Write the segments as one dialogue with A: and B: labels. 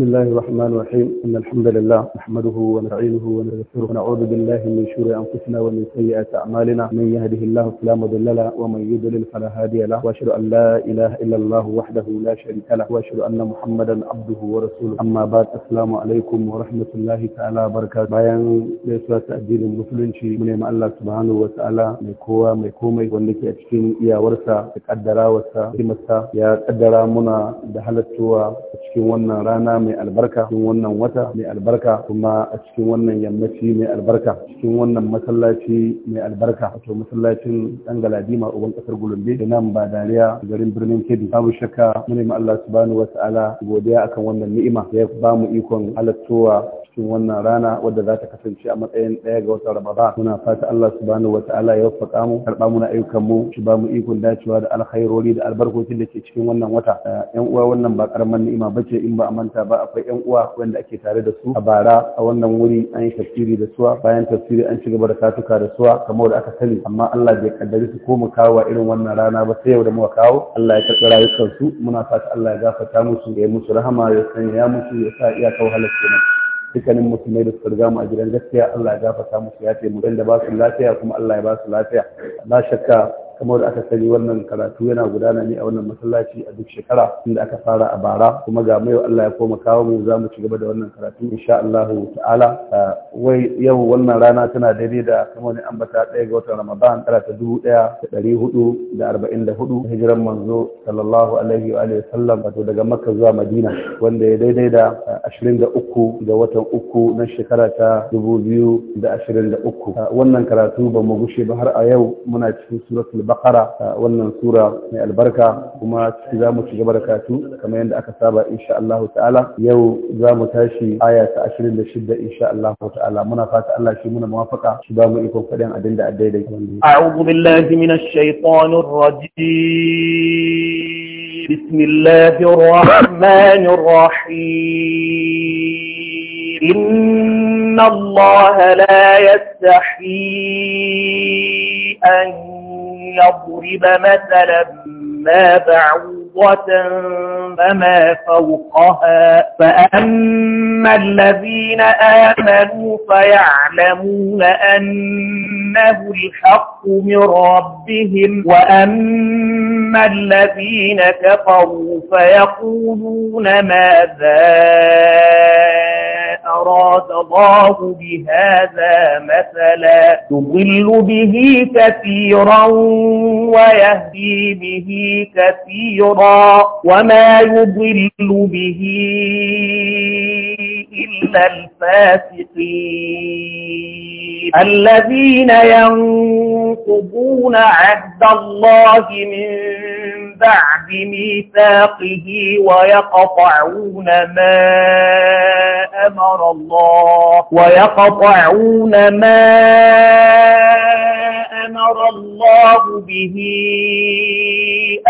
A: بسم الله الرحمن الرحيم إن الحمد لله نحمده ونعينه ونستغفره ونعوذ بالله من شرور أنفسنا ومن سيئات أعمالنا من يهده الله فلا مضل له ومن يضلل فلا هادي له وأشهد أن لا إله إلا الله وحده لا شريك له وأشهد أن محمدا عبده ورسوله أما بعد السلام عليكم ورحمة الله تعالى وبركاته bayan gaisuwa ta addinin musulunci mu nemi Allah subhanahu wa ta'ala mai kowa mai komai wanda ke a cikin iyawarsa da kaddarawarsa hikimarsa ya kaddara muna da halattuwa a cikin wannan rana mai mai albarka cikin wannan wata mai albarka kuma a cikin wannan yammaci mai albarka cikin wannan masallaci mai albarka wato masallacin dan galadima uban kasar gulumbe da nan ba dariya garin birnin kebbi babu shakka mu nemi Allah subhanahu gobe godiya akan wannan ni'ima da ya ba mu ikon halattowa cikin wannan rana wadda za ta kasance a matsayin ɗaya ga wata rababa muna fata Allah subhanahu ala ya waffaka mu karɓa muna ayyukan mu shi ba mu ikon dacewa da alkhairori da albarkokin da ke cikin wannan wata ƴan uwa wannan ba karaman ni'ima bace in ba a manta ba akwai yan uwa wanda ake tare da su a bara a wannan wuri an yi tafsiri da suwa bayan tafsiri an ci gaba da katuka da suwa kamar da aka sani amma Allah bai kaddari su ko mu kawo a irin wannan rana ba sai yau da muka kawo Allah ya karɓi rayukansu muna fata Allah ya gafarta musu ya yi musu rahama ya sanya musu ya sa iyaka wahalar kenan dukkanin musulmai da suka riga mu a gidan gaskiya Allah ya gafarta musu ya taimaka. mu da ba su lafiya kuma Allah ya ba su lafiya na shakka kamar da aka sani wannan karatu yana gudana ne a wannan masallaci a duk shekara inda aka fara a bara kuma ga mai Allah ya koma kawo mu za mu ci gaba da wannan karatu insha Allah ta'ala wai yau wannan rana tana daidai da kamar ne ambata ɗaya ga watan Ramadan tara ta dubu ɗaya da ɗari hudu da arba'in da hudu hijiran manzo sallallahu alaihi wa sallam wato daga Makka zuwa Madina wanda ya daidai da ashirin da uku ga watan uku na shekara ta dubu biyu da ashirin da uku wannan karatu ba mu gushe ba har a yau muna cikin suratul bakara wannan sura mai albarka kuma ciki za mu ci gaba da karatu kamar yadda aka saba insha Allah ta'ala yau za mu tashi aya ta 26 insha Allah ta'ala muna fata Allah shi muna muwafaka shi ba mu ikon faɗin abin da addai da wanda a'udhu
B: billahi minash shaitanir rajim bismillahir rahmanir rahim إن الله لا يستحيي أن يضرب مثلا ما بعوضة فما فوقها فأما الذين آمنوا فيعلمون أنه الحق من ربهم وأما الذين كفروا فيقولون ماذا أراد الله بهذا مثلا يضل به كثيرا ويهدي به كثيرا وما يضل به إلا الفاسقين الذين ينقضون عهد الله من بعد ميثاقه ويقطعون ما أمر الله ويقطعون ما أمر الله به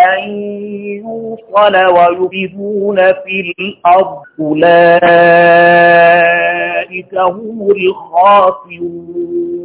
B: أن يوصل ويبذون في الأرض أولئك هم الخاسرون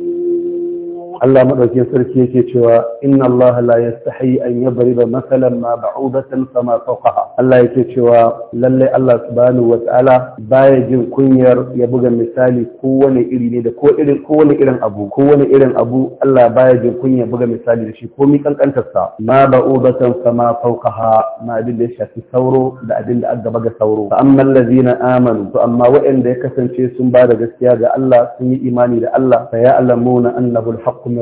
A: Allah madaukin sarki yake cewa inna Allah la yastahi an yadriba masalan ma ba'udatan fama fawqaha Allah yake cewa lallai Allah subhanahu wata'ala baya jin kunyar ya buga misali kowane iri ne da ko irin kowane irin abu kowane irin abu Allah baya jin kunyar buga misali da shi komai kankantar sa ma ba'udatan fama fawqaha ma abin da ya shafi sauro da abin da aka ga sauro an amma allazina amanu to amma waɗanda ya kasance sun ba da gaskiya ga Allah sun yi imani da Allah fa ya alamuna annahu al min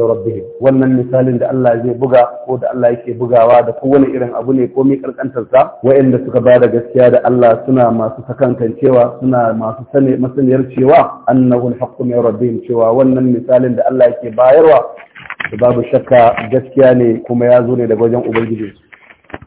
A: wannan misalin da Allah zai buga ko da Allah yake bugawa da kowane irin abu ne ko mai karkantar sa wa'anda suka ba da gaskiya da Allah suna masu sakankancewa suna masu sane masaniyar cewa annahu alhaqqu min rabbihim cewa wannan misalin da Allah yake bayarwa babu shakka gaskiya ne kuma ya zo ne daga wajen ubangiji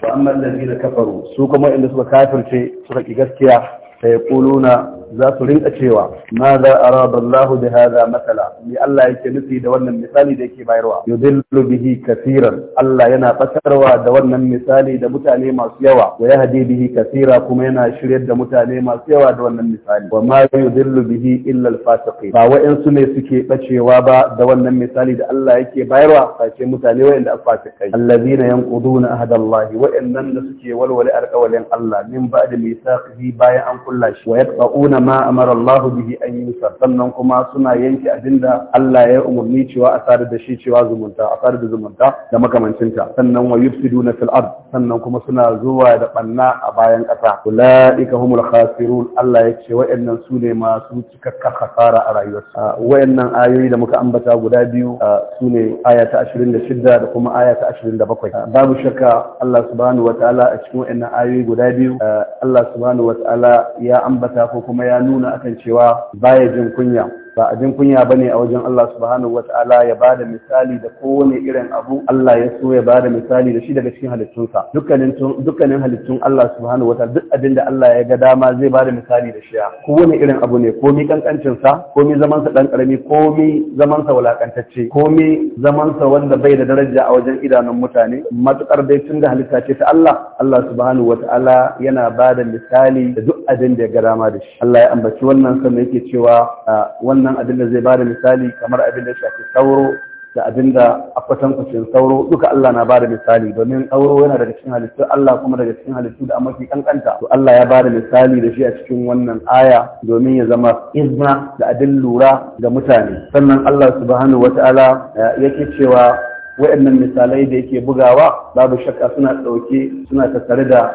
A: wa amma allazina kafaru su kuma inda suka kafirce suka ki gaskiya sai kuluna za su rinka cewa ma za a raba Allah da Haza matsala me Allah yake nufi da wannan misali da yake bayarwa yudillu bihi kasiran Allah yana fatarwa da wannan misali da mutane masu yawa wa yahdi bihi kasira kuma yana shiryar da mutane masu yawa da wannan misali wa ma yudillu bihi illa al-fasiqin ba wa'ansu ne suke bacewa ba da wannan misali da Allah yake bayarwa face mutane wa'anda afasikai allazina yanquduna ahdallahi wa'annan da suke walwale alƙawalin Allah min ba'da mithaqihi bayan an kulla shi wa ma. ma amara Allah bihi an yusa sannan kuma suna yanke abinda Allah ya umarni cewa a sadar da shi cewa zumunta a sadar da zumunta da makamancinta sannan wa yufsiduna fil ard sannan kuma suna zuwa da banna a bayan ƙasa ulaika humul khasirun Allah ya ce wayannan su ne masu cikakken khasara a rayuwarsu ah, wayannan ayoyi da muka ambata guda biyu ah, su ne aya ta 26 da kuma aya ta 27 ah, babu shakka Allah subhanahu wataala a cikin wayannan ayoyi guda biyu Allah subhanahu wataala ya ambata ko kuma ya nuna akan cewa baya jin kunya ba abin kunya ba ne a wajen Allah subhanahu wa ta'ala ya ba da misali da kowane irin abu Allah ya so ya ba da misali da shi daga cikin halittunsa dukkanin halittun Allah subhanahu wa ta'ala duk abin da Allah ya ga dama zai ba da misali da shi a kowane irin abu ne komi kankancin sa komi zamansa dan karami komi zamansa sa wulakantacce komi zamansa wanda bai da daraja a wajen idanun mutane matukar dai tun da halitta ce ta Allah Allah subhanahu wa ta'ala yana ba da misali da duk abin da ya ga dama da shi Allah ya ambaci wannan sannan yake cewa ah, wannan wannan abin da zai bada misali kamar abin da shafi sauro da abin da akwatan kucin sauro duka Allah na bada misali domin sauro yana daga cikin halittu Allah kuma daga cikin halittu da mafi kankanta to Allah ya bada misali da shi a cikin wannan aya domin ya zama izna da abin lura ga mutane sannan Allah subhanahu wataala yake cewa waɗannan misalai da yake bugawa babu shakka suna ɗauke suna tattare da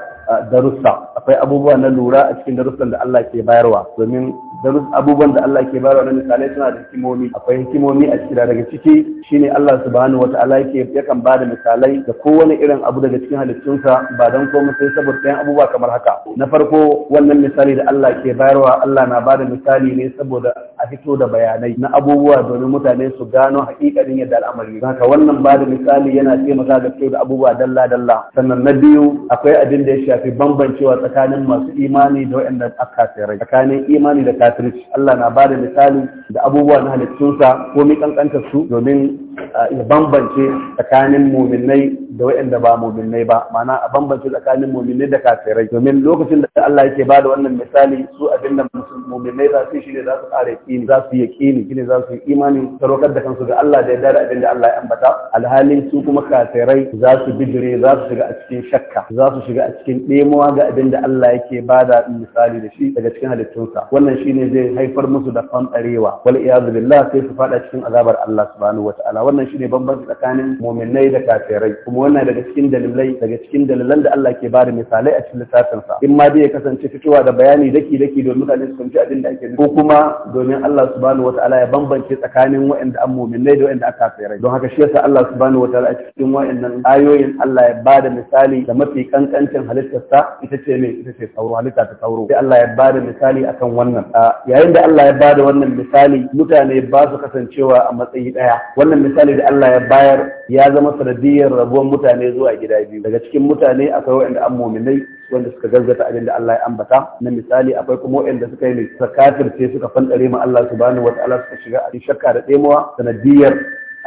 A: darussa akwai abubuwa na lura a cikin darussan da Allah ke bayarwa domin darus abubuwan da Allah ke bayarwa na misalai suna da hikimomi akwai hikimomi a ciki daga ciki shine Allah subhanahu wata'ala yake yakan ba da misalai da kowane irin abu daga cikin halittunsa ba don komai sai saboda ɗayan abubuwa kamar haka na farko wannan misali da Allah ke bayarwa Allah na ba da misali ne saboda a fito da bayanai na abubuwa domin mutane su gano hakikanin yadda al'amari haka wannan ba da misali yana taimaka ga fito da abubuwa dalla dalla sannan na biyu akwai abin da ya shafi bambancewa tsakanin masu imani da waɗanda akafirai tsakanin imani da kafirci Allah na ba da misali da abubuwa na halittunsa ko mi kankanta su domin ya bambance tsakanin muminai da waɗanda ba muminai ba ma'ana a bambance tsakanin muminai da kafirai domin lokacin da Allah yake da wannan misali su abin da muminai za su shi ne za su ƙara yaƙini za su yaƙini za su yi imani sarokar da kansu ga Allah da ya da abin da Allah ya ambata alhalin su kuma kafirai za su bijire za su shiga a cikin shakka za su shiga a cikin ɗemowa ga abin da Allah yake bada misali da shi daga cikin halittunsa wannan shine zai haifar musu da fanɗarewa wal iyadu billah sai su faɗa cikin azabar Allah subhanahu ta'ala. wannan shine bambanci tsakanin mu'minai da kafirai kuma wannan daga cikin dalilai daga cikin dalilan da Allah ke bada misalai a cikin littafinsa in ma dai ya kasance fitowa da bayani daki daki domin mutane su fahimci abin da ake ko kuma domin Allah subhanahu wataala ya bambance tsakanin waɗanda an mu'minai da waɗanda aka kafirai don haka shi yasa Allah subhanahu wataala a cikin waɗannan ayoyin Allah ya bada misali da mafi kankancin halittarsa ita ce me ita ce sauro halitta ta sauro sai Allah ya bada misali akan wannan yayin da Allah ya bada wannan misali mutane ba su kasancewa a matsayi daya wannan misali da Allah ya bayar ya zama sanadiyar rabuwar mutane zuwa gida biyu daga cikin mutane akwai waɗanda an muminai wanda suka gazgata abin da Allah ya ambata na misali akwai kuma waɗanda suka yi sakatir ce suka fanɗare ma Allah subhanahu wataala suka shiga a shakka da ɗemawa sanadiyar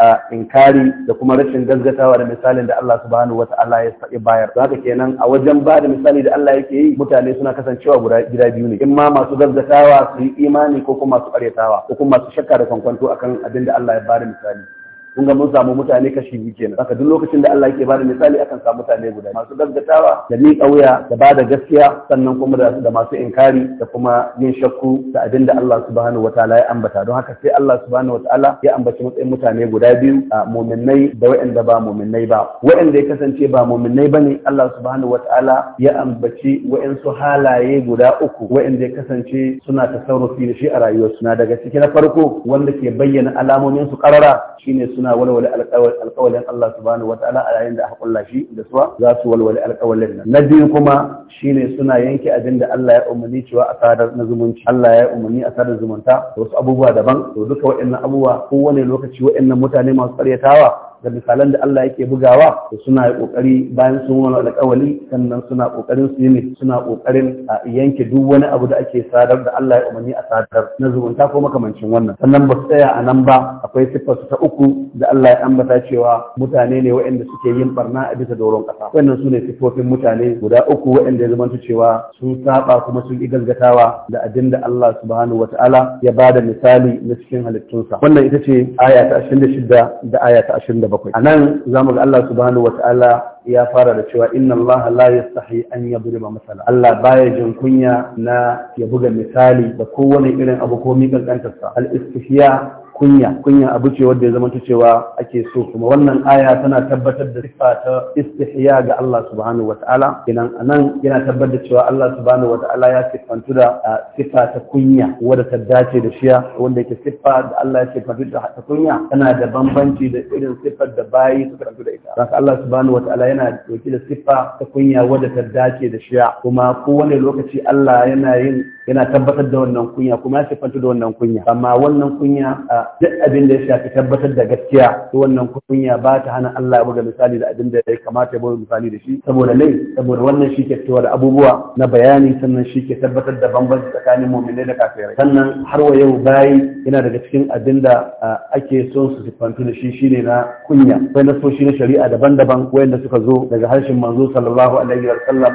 A: a inkari da kuma rashin gazgatawa da misalin da Allah subhanahu wata'ala ya faɗi bayar haka kenan a wajen ba da misali da Allah yake yi mutane suna kasancewa guda gida biyu ne in ma masu gazgatawa su yi imani ko kuma masu ƙaryatawa ko kuma masu shakka da kwankwanto akan abin da Allah ya ba da misali kun ga mun samu mutane kashi biyu kenan saka duk lokacin da Allah yake bada misali akan samu mutane guda masu gaggatawa da ni kauya, da bada gaskiya sannan kuma da masu inkari da kuma yin shakku da abin da Allah subhanahu wataala ya ambata don haka sai Allah subhanahu wataala ya ambaci matsayin mutane guda biyu a mu'minnai da waɗanda ba mu'minnai ba wa'anda ya kasance ba mu'minnai bane Allah subhanahu wataala ya ambaci wa'ansu halaye guda uku wa'anda ya kasance suna tasarrufi da shi a rayuwarsu na daga ciki na farko wanda ke bayyana alamomin su karara shine su suna walwale alƙawalin Allah subhanahu wataala a yayin da aka kulla shi da suwa za su walwale alƙawalin nan na biyu kuma shine suna yanke abin da Allah ya umarni cewa a sadar na zumunci Allah ya umarni a sadar zumunta da wasu abubuwa daban to duka waɗannan abubuwa kowane lokaci waɗannan mutane masu ƙaryatawa da misalan da Allah yake bugawa to suna kokari bayan sun wani alƙawali sannan suna kokarin su ne suna kokarin a yanke duk wani abu da ake sadar da Allah ya umarni a sadar na zumunta ko makamancin wannan sannan ba su tsaya a nan ba akwai siffar ta uku da Allah ya ambata cewa mutane ne waɗanda suke yin barna a bisa doron ƙasa wannan su ne siffofin mutane guda uku waɗanda ya zamanta cewa sun saba kuma sun yi gaggatawa da abin da Allah subhanahu wata'ala ya ba da misali na cikin halittunsa wannan ita ce aya ta 26 da aya ta 27 bakwai a nan za mu ga Allah subhanahu ta'ala ya fara da cewa inna Allah la yastahi an ba masala Allah baya jin kunya na ya buga misali da kowane irin abu ko mi kankantarsa al-istihya kunya kunya abu ce wanda ya zama cewa ake so kuma wannan aya tana tabbatar da sifa ta istihya ga Allah subhanahu wataala idan anan yana tabbatar da cewa Allah subhanahu wataala ya sifantu da sifa ta kunya wadda ta dace da shiya wanda yake siffa da Allah ya sifantu da ta kunya tana da bambanci da irin siffar da bayi suka rantu da ita haka Allah subhanahu wataala yana dauke da siffa ta kunya wadda ta dace da shiya kuma kowane lokaci Allah yana yin yana tabbatar da wannan kunya kuma ya sifantu da wannan kunya amma wannan kunya duk abin da ya shafi tabbatar da gaskiya to wannan kunya ba ta hana Allah ya buga misali da abin da ya kamata ya buga misali da shi saboda mai saboda wannan shi ke da abubuwa na bayani sannan shi ke tabbatar da bambanci tsakanin mu'minai da kafirai sannan har wa yau bayi yana daga cikin abin da ake son su sifantu da shi shine na kunya akwai nasoshi na shari'a daban-daban wayanda suka zo daga harshen manzo sallallahu alaihi wa sallam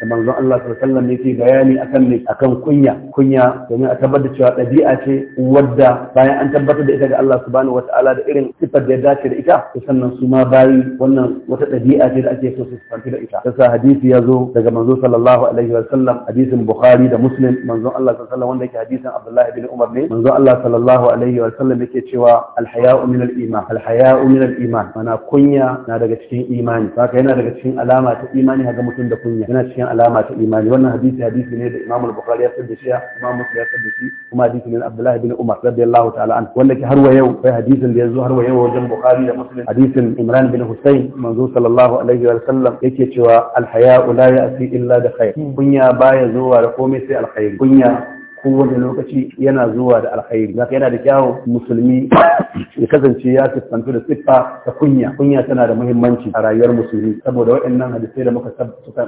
A: da manzon Allah sallallahu alaihi yake bayani akan ne akan kunya kunya domin a tabbatar cewa ɗabi'a ce wadda bayan an tabbatar da ita ga Allah subhanahu wata'ala da irin sifar da ya dace da ita to sannan su ma bayi wannan wata ɗabi'a ce da ake so su sifanci da ita yasa hadisi ya zo daga manzon sallallahu alaihi wa sallam hadisin Bukhari da Muslim manzon Allah sallallahu alaihi wa sallam wanda yake hadisin Abdullah ibn Umar ne manzon Allah sallallahu alaihi wa sallam yake cewa al-haya'u min al-iman al-haya'u min al-iman mana kunya na daga cikin imani haka yana daga cikin alama ta imani ga mutum da kunya yana cikin alama ta imani wannan hadisi hadisi ne da Imam al-Bukhari ya da shi Imam Muslim ya da shi kuma hadisi ne abdullahi bin Umar radiyallahu ta'ala an wanda ke har wa yau kai hadisin da yazo har wa yau wajen Bukhari da Muslim hadisin Imran bin Hussein manzo sallallahu alaihi wa sallam yake cewa al-haya'u la ya'ti illa da khair kunya baya zuwa da komai sai alkhairi kunya kowane lokaci yana zuwa da alkhairi zaka yana da kyawu, musulmi ya kasance ya siffantu da siffa ta kunya kunya tana da muhimmanci a rayuwar musulmi saboda waɗannan hadisai da muka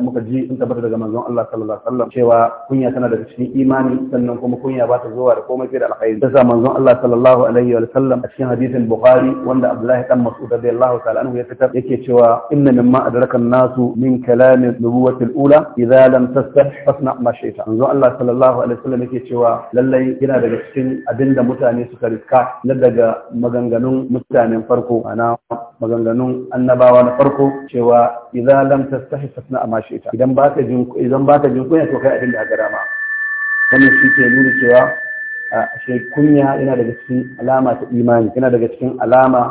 A: muka ji sun tabbata daga manzon Allah sallallahu alaihi wasallam cewa kunya tana da cikin imani sannan kuma kunya ba ta zuwa da komai sai da alkhairi yasa manzon Allah sallallahu alaihi wasallam a cikin hadisin Bukhari wanda Abdullahi dan Mas'ud radiyallahu ta'ala anhu ya fitar yake cewa inna mimma adraka nasu min kalamin nubuwatil ula idza lam tastah fasna ma shi'ta manzon Allah sallallahu alaihi wasallam yake cewa lallai yana daga cikin abin da mutane suka riska na daga maganganun mutanen farko ana maganganun annabawa na farko cewa idan lam tastahi fasna amma shi ita idan baka jin idan ka jin kunya to kai abin da aka rama wannan shi ke nuna cewa shi kunya yana daga cikin alama ta imani yana daga cikin alama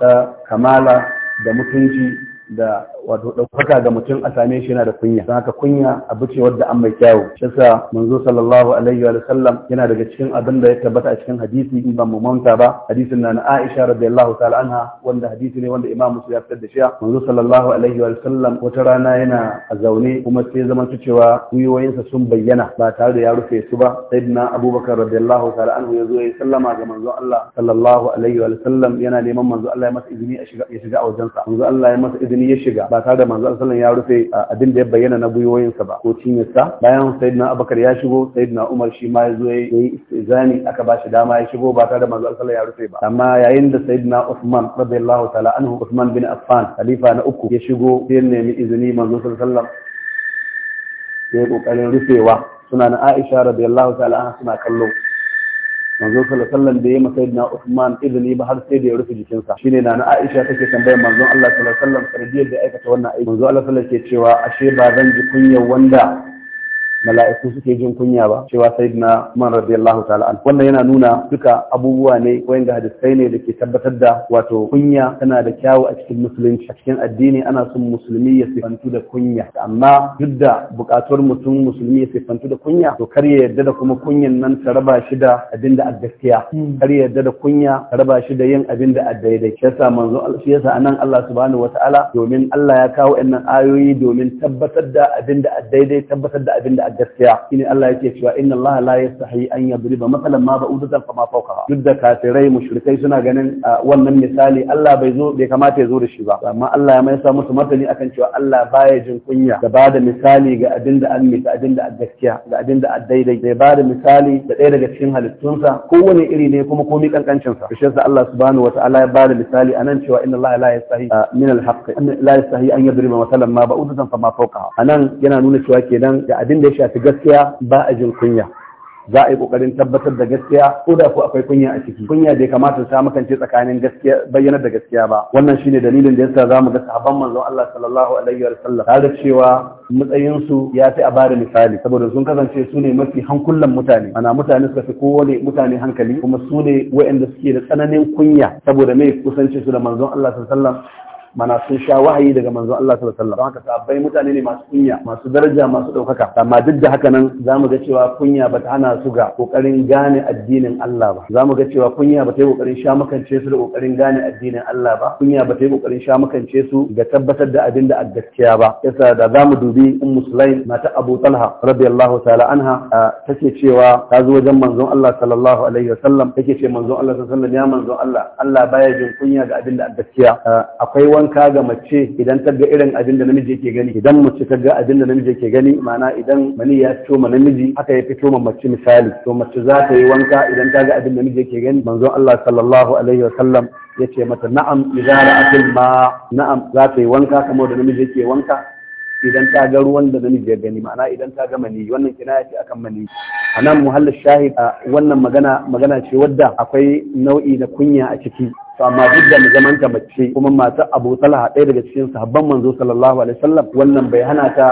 A: ta kamala da mutunci da wato ɗaukaka ga mutum a same shi yana da kunya don haka kunya abu ce wadda an mai kyawu shi yasa manzo sallallahu alaihi wa sallam yana daga cikin abin da ya tabbata a cikin hadisi in ban mu manta ba hadisin na na Aisha radiyallahu ta'ala anha wanda hadisi ne wanda Imam Musa ya fitar da shi manzo sallallahu alaihi wa sallam wata rana yana a zaune kuma sai zaman cewa Wuyoyinsa sun bayyana ba tare da ya rufe su ba sayyidina Abubakar radiyallahu ta'ala anhu ya zo ya sallama ga manzo Allah sallallahu alaihi wa sallam yana neman manzo Allah ya masa izini ya shiga a wajensa manzo Allah ya masa izini ya shiga ba tare da manzo sallallahu ya rufe abin da ya bayyana na gwiwoyinsa ba ko cinyarsa bayan sayyidina abubakar ya shigo sayyidina umar shi ma ya zo ya yi istizani aka ba shi dama ya shigo ba tare da manzo sallallahu ya rufe ba amma yayin da sayyidina usman radiyallahu ta'ala anhu usman bin affan khalifa na uku ya shigo sai nemi izini manzo sallallahu sai kokarin rufewa suna na Aisha radiyallahu ta'ala suna kallo manzo sallallahu alaihi da ya masa na Uthman izini ba har sai da ya rufe jikinsa shine na na Aisha take tambayar manzo Allah sallallahu alaihi wasallam sanadiyar da aikata wannan aiki manzo Allah sallallahu alaihi wasallam ke cewa ashe ba zan ji kunyar wanda mala'iku suke jin kunya ba cewa sayyidina Umar radiyallahu ta'ala an wannan yana nuna duka abubuwa ne wanda hadisai ne da ke tabbatar da wato kunya tana da kyawu a cikin musulunci a cikin addini ana son musulmi ya sifantu da kunya amma duk da bukatuwar mutum musulmi ya sifantu da kunya to kar ya yarda da kuma kunyan nan ta raba shi da abin da a kar ya yarda da kunya ta raba shi da yin abin da a daidai shi yasa manzo shi anan Allah subhanahu wataala domin Allah ya kawo wannan ayoyi domin tabbatar da abin da a tabbatar da abin da gaskiya shine Allah yake cewa inna Allah la yastahi an yadriba masalan ma ba'udatan fama fawqaha duk da kafirai mushrikai suna ganin wannan misali Allah bai zo bai kamata ya zo da shi ba amma Allah ya mai sa musu martani akan cewa Allah baya jin kunya da bada misali ga abin da an ga abin da gaskiya ga abin da daidai bai bada misali da ɗaya daga cikin halittunsa kowane iri ne kuma komai kankancin sa Allah subhanahu wata'ala ya bada misali anan cewa inna Allah la yastahi min al-haqq la yastahi an yadriba masalan ma ba'udatan fama fawqaha anan yana nuna cewa kenan da abin da ya shafi gaskiya ba a jin kunya za a yi kokarin tabbatar da gaskiya ko da ko akwai kunya a ciki kunya bai kamata ta makance tsakanin gaskiya bayyanar da gaskiya ba wannan shine dalilin da yasa zamu ga sahabban manzon Allah sallallahu alaihi wa sallam da cewa matsayin su ya fi a bada misali saboda sun kasance su ne mafi hankulan mutane ana mutane suka fi kowane mutane hankali kuma su ne waɗanda suke da tsananin kunya saboda mai kusanci su da manzon Allah sallallahu alaihi wa mana sun sha wahayi daga manzo Allah sallallahu alaihi wasallam haka sahabbai mutane ne masu kunya masu daraja masu ɗaukaka. amma duk da haka nan zamu ga cewa kunya bata hana su ga kokarin gane addinin Allah ba zamu ga cewa kunya bata yi kokarin sha makance su da kokarin gane addinin Allah ba kunya bata yi kokarin sha makance su ga tabbatar da abin da a gaskiya ba yasa da zamu dubi ummu sulaim mata Abu Talha radiyallahu ta'ala anha take cewa ta zo wajen manzon Allah sallallahu alaihi wasallam take ce manzon Allah sallallahu alaihi wasallam ya manzon Allah Allah baya jin kunya ga abin da a gaskiya akwai wani ka ga mace idan ta ga irin abin da namiji yake gani idan mace ta ga abin da namiji yake gani ma'ana idan mani ya fito ma namiji haka ya fito ma mace misali to mace za ta yi wanka idan ta ga abin da namiji yake gani manzon Allah sallallahu alaihi wa sallam ya ce mata na'am idza ra'atil ma na'am za ta yi wanka kamar da namiji yake wanka idan ta ga ruwan da namiji ya gani ma'ana idan ta ga mani wannan kinaya ce akan mani anan muhallin shahid wannan magana magana ce wadda akwai nau'i na kunya a ciki to amma duk da zaman ta mace kuma matar Abu Talha ɗaya daga cikin sahabban manzo sallallahu alaihi wasallam wannan bai hana ta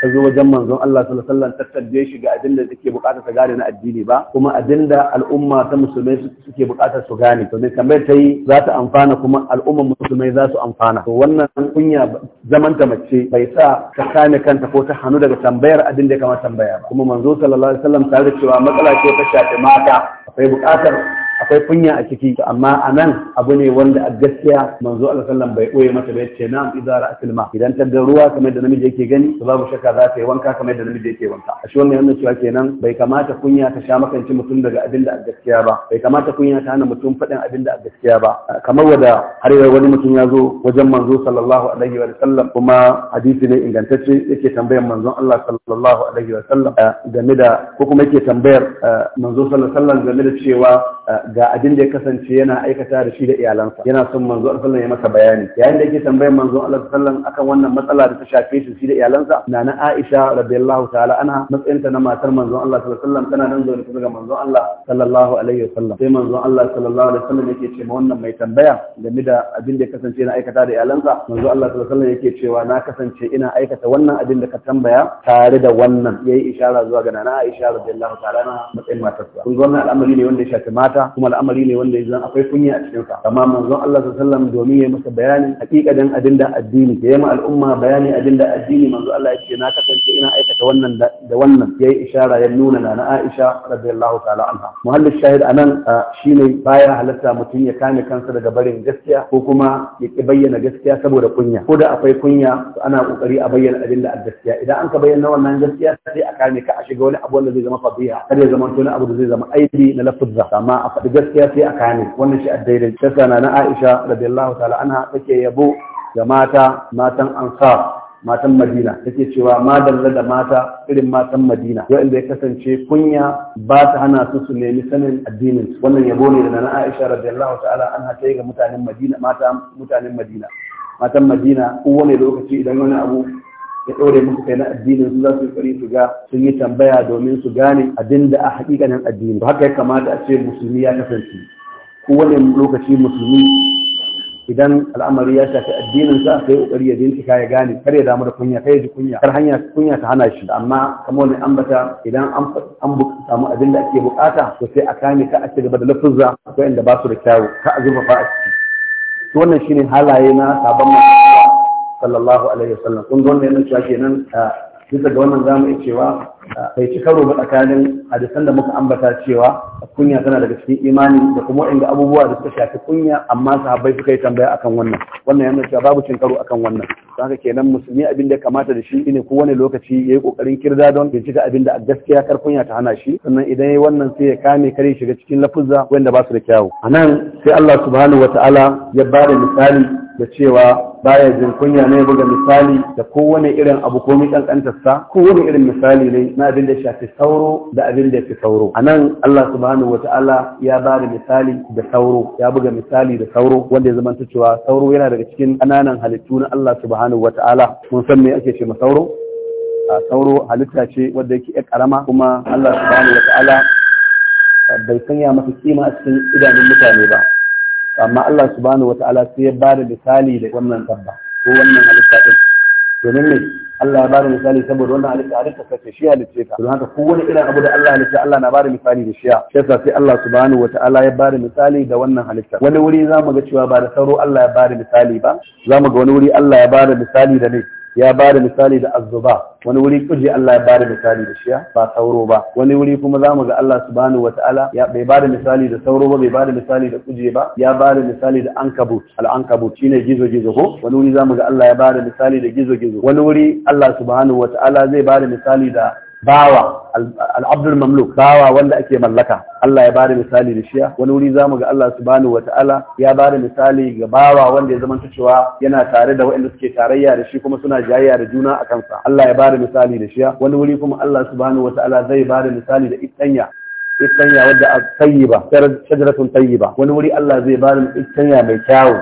A: ta zo wajen manzon Allah sallallahu alaihi wasallam ta tambaye shi ga abin da take bukata ta gane na addini ba kuma abin da al'umma ta musulmai suke bukata su gane to ne tambayar ta yi za ta amfana kuma al'umman musulmai za su amfana to wannan kunya zaman ta mace bai sa ta kame kanta ko ta hannu daga tambayar abin da ya kamata tambaya ba kuma manzo sallallahu alaihi wasallam tare da cewa matsala ce ta shafi mata akwai bukatar akwai kunya a ciki amma a nan abu ne wanda a gaskiya manzo Allah sallam bai ɓoye mata ba yace na'am idza ra'atil ma idan ta ga ruwa kamar da namiji yake gani to babu shakka za ta yi wanka kamar da namiji yake wanka a shi wannan yana cewa kenan bai kamata kunya ta sha makanci mutum daga abin da a gaskiya ba bai kamata kunya ta hana mutum faɗin abin da a gaskiya ba kamar wanda har wani mutum ya zo wajen manzo sallallahu alaihi wa sallam kuma hadisi ne ingantacce yake tambayar manzon Allah sallallahu alaihi wa sallam eh, game da ko kuma yake tambayar eh, manzo sallallahu alaihi wa sallam game da cewa eh, ga abin da ya kasance yana aikata da shi da iyalansa yana son manzo Allah ya masa bayani yayin da yake tambayar manzo Allah sallallahu akan wannan matsala da ta shafe shi shi da iyalansa nana Aisha radiyallahu ta'ala anha matsayinta na matar manzo Allah sallallahu alaihi tana nan zaune kusa ga manzo Allah sallallahu alaihi wasallam sai manzo Allah sallallahu alaihi wasallam yake ce ma wannan mai tambaya game da abin da ya kasance yana aikata da iyalansa manzo Allah sallallahu alaihi wasallam yake cewa na kasance ina aikata wannan abin da ka tambaya tare da wannan yayi ishara zuwa ga nana Aisha radiyallahu ta'ala na matsayin matarsa kun ga wannan al'amari ne wanda ya shafi mata kuma al'amari ne wanda idan akwai kunya a cikin sa amma manzon Allah sallallahu alaihi domin ya masa bayanin hakikadan abin da addini ya yi al'umma bayani abin da addini manzon Allah ya ce na kasance ina aikata wannan da wannan yayi ishara ya nuna na na Aisha radiyallahu ta'ala anha muhallin shahid anan shine baya halatta mutum ya kame kansa daga barin gaskiya ko kuma ya ki bayyana gaskiya saboda kunya ko da akwai kunya ana kokari a bayyana abin da gaskiya idan an ka bayyana wannan gaskiya sai a kame ka a shiga wani abu wanda zai zama fadiha kada ya zama wani abu da zai zama aibi na lafuzza amma a faɗi faɗi gaskiya sai a kane wannan shi addaidai ta sana na Aisha radiyallahu ta'ala anha take yabo ga mata matan ansar matan Madina take cewa ma dalla da mata irin matan Madina wanda ya kasance kunya ba ta hana su su nemi sanin addinin wannan yabo ne da na Aisha radiyallahu ta'ala anha ta yi ga mutanen Madina mata mutanen Madina matan Madina kowane lokaci idan wani abu ya ɗore muku kai na addinin su za su yi su ga sun yi tambaya domin su gane abin da a hakikanin addini haka ya kamata a ce musulmi ya kasance kowane lokaci musulmi idan al'amari ya shafi addinin sa sai kokari ya bincika ya gane kar ya damu da kunya kai ji kunya kar hanya kunya ta hana shi amma kamar ne ambata idan an samu abin da ake bukata to sai a kame ka a ci gaba da lafuzza akwai inda ba su da kyawu ka a zuba fa a ciki to wannan shine halaye na sabon musulmi sallallahu alaihi wasallam kun ga wannan yana cewa kenan bisa ga wannan zamu iya cewa bai ci karo ba tsakanin hadisan da muka ambata cewa kunya tana daga cikin imani da kuma inda abubuwa da suka shafi kunya amma sahabbai suka yi tambaya akan wannan wannan yana cewa babu cin karo kan wannan don haka kenan musulmi abin da kamata da shi ne wani lokaci ya yi kokarin kirda don ya cika abin da gaskiya kar kunya ta hana shi sannan idan ya wannan sai ya kame kare shiga cikin lafuzza wanda ba su da kyawu A nan sai Allah subhanahu wataala ya ba da misali da cewa baya jin kunya ne buga misali da kowane irin abu komai kankantarsa kowane irin misali ne na abin da shafi sauro da abin da fi sauro a nan Allah subhanahu wataala ya ba da misali da sauro ya buga misali da sauro wanda ya zama cewa sauro yana daga cikin ƙananan halittu na Allah subhanahu wataala mun san me ake ce ma sauro sauro halitta ce wadda yake ƴar ƙarama. kuma Allah subhanahu wataala bai sanya masa kima a cikin idanun mutane ba amma Allah subhanahu wataala sai ya ba da misali da wannan dabba ko wannan halitta din domin ne Allah ya bada misali saboda wannan halitta halitta kace shi halitta ka don haka wani irin abu da Allah halitta Allah na bada misali da shiya shi yasa sai Allah subhanahu wataala ya bada misali da wannan halitta wani wuri zamu ga cewa ba da sauro Allah ya bada misali ba zamu ga wani wuri Allah ya bada misali da ne ya ba da misali da azzuba wani wuri kuje Allah ya ba da misali da shiya ba sauro ba wani wuri kuma za mu ga Allah subhanahu wataala ya bai ba da misali da sauro ba bai ba da misali da kuje ba ya ba da misali da ankabut al ankabut shine gizo gizo ko wani wuri za mu ga Allah ya ba da misali da gizo gizo wani wuri Allah subhanahu wataala zai ba da misali da bawa al'abdul mamluk bawa wanda ake mallaka Allah ya bada misali da shiya wani wuri zamu ga Allah subhanahu wata'ala ya bada misali ga bawa wanda ya zama cewa yana tare da waɗanda suke tarayya da shi kuma suna jayayya da juna a kansa Allah ya bada misali da shiya wani wuri kuma Allah subhanahu wata'ala zai bada misali da ittanya ittanya wadda a tayyiba shajaratun tayyiba wani wuri Allah zai bada ittanya mai kyawu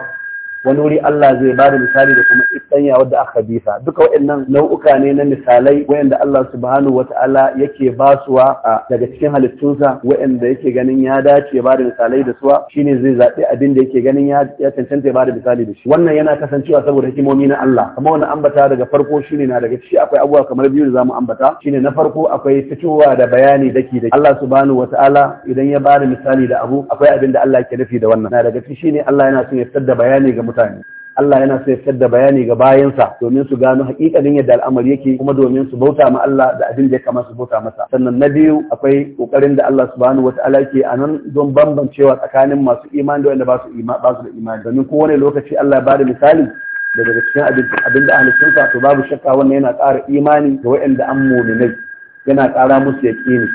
A: wani wuri Allah zai ba da misali da kuma isanya wadda aka bisa duka waɗannan nau'uka ne na misalai waɗanda Allah subhanahu wata'ala yake basuwa a daga cikin halittunsa waɗanda yake ganin ya dace ya ba da misalai da suwa shine zai zaɓi abin da yake ganin ya cancanta ya ba da misali da shi wannan yana kasancewa saboda hikimomi na Allah kamar wani ambata daga farko shine na daga ciki akwai abubuwa kamar biyu da zamu ambata shine na farko akwai fitowa da bayani daki da Allah subhanahu wata'ala idan ya ba da misali da abu akwai abin da Allah yake nufi da wannan na daga ciki shine Allah yana son ya fitar da bayani ga mutum. mutane Allah yana so fitar da bayani ga bayansa domin su gano hakikanin yadda al'amari yake kuma domin su bauta ma Allah da abin da ya kamata su bauta masa sannan na biyu akwai kokarin da Allah subhanahu wata'ala yake a nan don bambancewa tsakanin masu imani da wanda ba su ba su da imani domin kowane lokaci Allah ya bada misali daga cikin abin da ahli sunna to babu shakka wannan yana ƙara imani ga waɗanda an mu'minai yana ƙara musu yaqini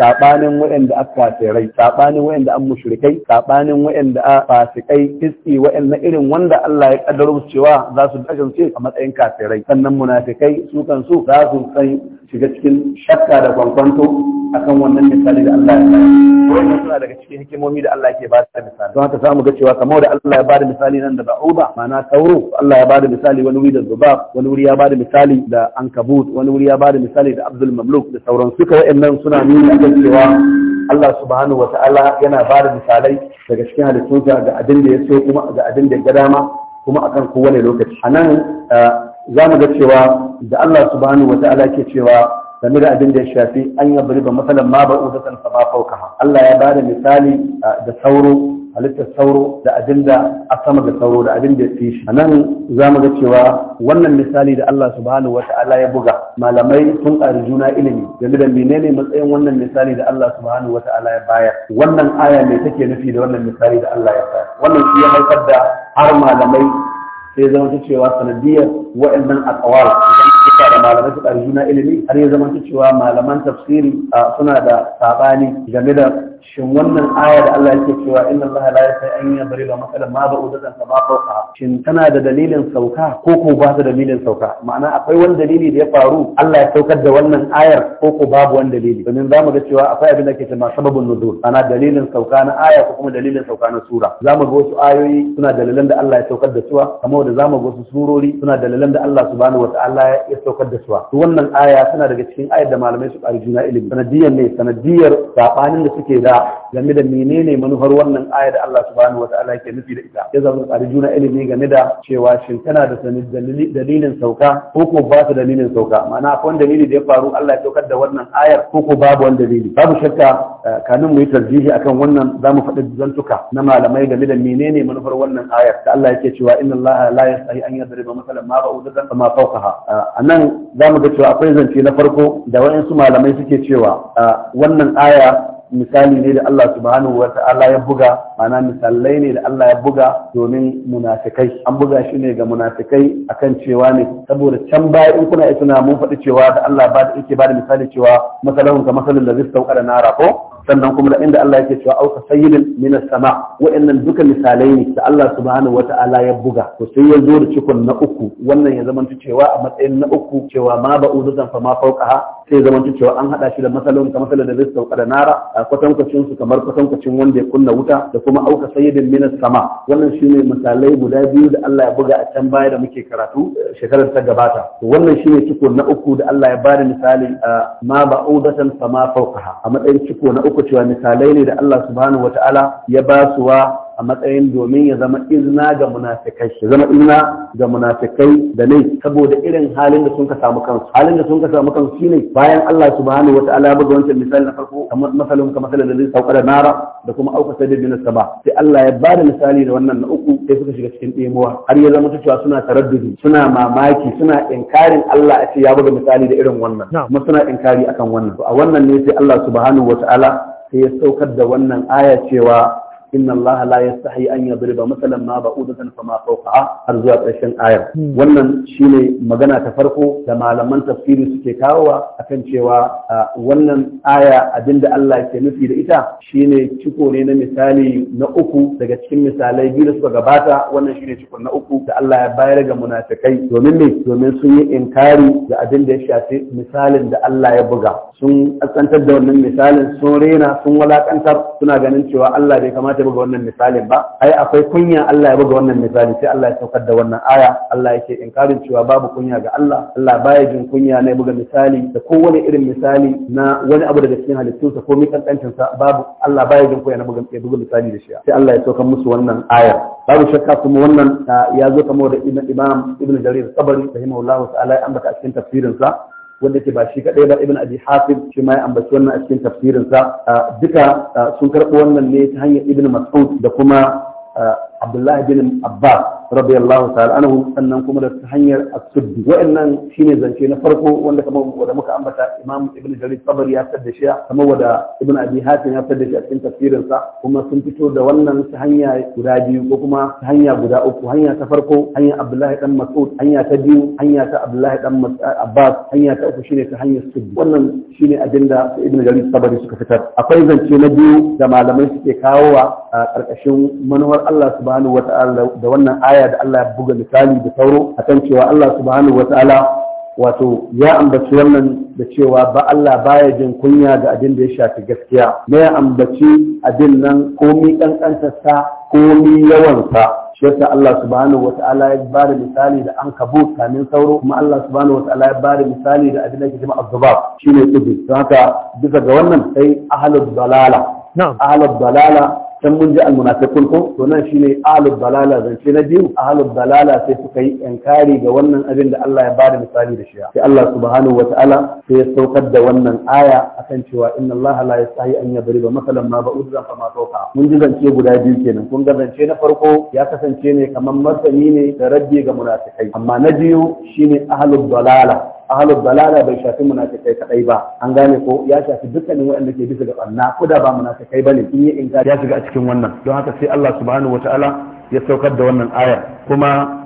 A: sabanin waɗanda aka kafirai sabanin waɗanda an mushrikai sabanin waɗanda a fasikai iski waɗanda irin wanda Allah ya kaddaro su cewa za su kasance a matsayin kafirai sannan munafikai su kan za su san shiga cikin shakka da kwankwanto akan wannan misali da Allah ya ba wannan suna daga cikin hikimomi da Allah ke ba da misali don haka samu ga cewa kamar da Allah ya ba da misali nan da ba'uba ma'ana tauro Allah ya ba da misali wani wuri da zubab wani wuri ya ba da misali da ankabut wani wuri ya ba da misali da abdul mamluk da sauran suka waɗannan suna nuna kan cewa Allah subhanahu wa ta'ala yana ba da misalai daga cikin halittunsa ga abin da ya so kuma ga abin da ya dama kuma akan kowane lokaci a nan uh, za mu ga cewa da Allah subhanahu wa ta'ala ke cewa game da abin da ya shafi an yi bari ba masalan ma ba'u da san sama fauka Allah ya ba da misali uh, da sauro halittar sauro da abin da a sama ga sauro da abin da ya fi shi a nan za mu ga cewa wannan misali da Allah subhanahu wa ta'ala ya buga malamai sun ƙari juna ilimi game da menene matsayin wannan misali da Allah subhanahu wa ta'ala ya bayar wannan aya ne take nufi da wannan misali da Allah ya bayar wannan shi ya haifar da har malamai sai zama cewa sanadiyar wa'annan aqwal suka da malamai suka da juna ilimi har ya zama cewa malaman tafsiri suna da sabani game da shin wannan aya da Allah yake cewa inna Allah la yasai an yabri ba masalan ma ba ba'udatan kama fawqa shin tana da dalilin sauka ko ko ba ta dalilin sauka ma'ana akwai wani dalili da ya faru Allah ya saukar da wannan ayar ko ko babu wani dalili domin za mu ga cewa akwai abin da ke cewa sababun nuzul ana dalilin sauka na aya ko kuma dalilin sauka na sura za mu ga wasu ayoyi suna dalilan da Allah ya saukar da suwa kamar da za mu ga wasu surori suna dalilan da Allah subhanahu wataala ya saukar da su to wannan aya tana daga cikin ayar da malamai su ƙari juna ilimi sanadiyar ne sanadiyar sabanin da suke da game da menene manufar wannan aya da Allah subhanahu ta'ala ke nufi da ita ya zama ƙari juna ilimi game da cewa shin tana da dalilin sauka ko ko ba ta dalilin sauka ma'ana akwai wani dalili da ya faru Allah ya saukar da wannan ayar ko ko babu wani dalili babu shakka eh, kanin mu yi tarjihi akan wannan zamu faɗi zantuka na malamai game da menene manufar wannan ayar da Allah yake cewa inna Allah la yastahi an yadriba masalan ma ba'udatan fama fawqaha eh, a nan za mu ga cewa akwai zance na farko da wa'insu malamai suke cewa wannan aya misali ne da Allah subhanahu wa ta'ala ya buga mana misalai ne da Allah ya buga domin munafikai an buga shi ne ga munafikai akan cewa ne saboda can baya in kuna isa mun faɗi cewa da Allah ba da yake ba da misali cewa masalahun ka masalin da zai sauka da nara ko sannan kuma da inda Allah yake cewa auka sayyidin min sama wa'annan duka misalai ne da Allah subhanahu wata'ala ya buga to sai ya zo da cikon na uku wannan ya zamanta cewa a matsayin na uku cewa ma ba'udatan fa ma fawqaha sai ya zamanta cewa an hada shi da masalon ka masalan da zai sauka da nara a kwatankwacin su kamar kwatankwacin wanda ya kunna wuta da kuma auka sayyidin min sama wannan shine misalai guda biyu da Allah ya buga a can baya da muke karatu eh, shekarar ta gabata to wannan shine ciko na uku da Allah ya bada misali eh, ma ba'udatan fa ma fawqaha a matsayin ciko na uku cewa misalai ne da Allah subhanahu wata'ala ya ba su wa a matsayin domin ya zama izna ga munafikai ya zama izna ga munafikai da ne saboda irin halin da sun ka samu kansu halin da sun ka samu kansu shine bayan Allah subhanahu wataala ya buga wancan misali na farko kamar masalun kamar masalun da zai sauka da nara da kuma auka sai bin saba sai Allah ya bada misali da wannan na uku sai suka shiga cikin ɗemuwa har ya zama cewa suna taraddudi suna mamaki suna inkarin Allah a ce ya buga misali da irin wannan kuma suna inkari akan wannan a wannan ne sai Allah subhanahu wataala sai ya saukar da wannan aya cewa inna Allah la yastahi an yadriba masalan ma ba'udatan fama fawqaha har zuwa ƙarshen ayar wannan shine magana ta farko da malaman tafsiri suke kawowa akan cewa wannan aya abinda Allah ke nufi da ita shine ciko ne na misali na uku daga cikin misalai biyu da suka gabata wannan shine ciko na uku da Allah ya bayar ga munafikai domin ne domin sun yi inkari da abin da ya shafi misalin da Allah ya buga sun kasantar da wannan misalin sun rena sun walakantar suna ganin cewa Allah bai kamata kamata ya buga wannan misalin ba ai akwai kunya Allah ya buga wannan misali sai Allah ya saukar da wannan aya Allah yake inkarin cewa babu kunya ga Allah Allah baya jin kunya na buga misali da kowane irin misali na wani abu daga cikin sa ko miƙanƙancin sa babu Allah baya jin kunya na buga buga misali da shi sai Allah ya saukar musu wannan aya babu shakka kuma wannan ah, ya zo kamar da Imam Ibn Jarir Tabari rahimahullahu ta'ala ya ambata a cikin tafsirin sa wanda ke ba shi kadai ba ibn abi hafid shi ma ya ambaci wannan a cikin tafsirinsa duka sun karɓi wannan ne ta hanyar ibn mas'ud da kuma abdullahi bin abbas radiyallahu ta'ala anhu sannan kuma da ta hanyar as-suddi wa'annan shine zance na farko wanda kamar wanda muka ambata imam ibn jarir sabri ya fitar shi kamar wanda ibn abi hatim ya fitar shi a cikin tafsirin sa kuma sun fito da wannan ta hanya guda biyu ko kuma ta hanya guda uku hanya ta farko hanya abdullahi dan mas'ud hanya ta biyu hanya ta abdullahi dan eh, abbas hanya ta uku shine ta hanyar suddi wannan shine ajinda ibn jarir sabri suka fitar akwai zance na biyu da malamai suke kawowa a ƙarƙashin manuwar Allah subhanahu subhanahu da wannan aya da Allah ya buga misali da sauro akan cewa Allah subhanahu wa wato ya ambaci wannan da cewa ba Allah baya jin kunya ga abin da ya shafi gaskiya na ya ambaci abin nan komi ƙanƙantarsa komi yawansa shi yasa Allah subhanahu wata'ala ya ba da misali da an kabu kamin sauro kuma Allah subhanahu wata'ala ya ba da misali da abin da ke jima azubab shine tudu don haka bisa ga wannan sai ahlul dalala ahlul dalala can mun ji almunafikun ko to nan shine ahlul balala zance na biyu ahlul balala sai suka yi inkari ga wannan abin da Allah ya bada misali da shi sai Allah subhanahu wataala sai ya saukar da wannan aya akan cewa inna Allah la yastahi an yadriba masalan ma ba'udran fama fawqa mun ji zance guda biyu kenan kun ga zance na farko ya kasance ne kamar masani ne da rabbi ga munafikai amma na biyu shine ahlul balala ahlul balala bai shafi munafikai kadai ba an gane ko ya shafi dukkanin waɗanda ke bisa ga banna ko da ba munafikai bane in yi inkari ya shiga a cikin wannan don haka sai Allah subhanahu wataala ya saukar da wannan aya kuma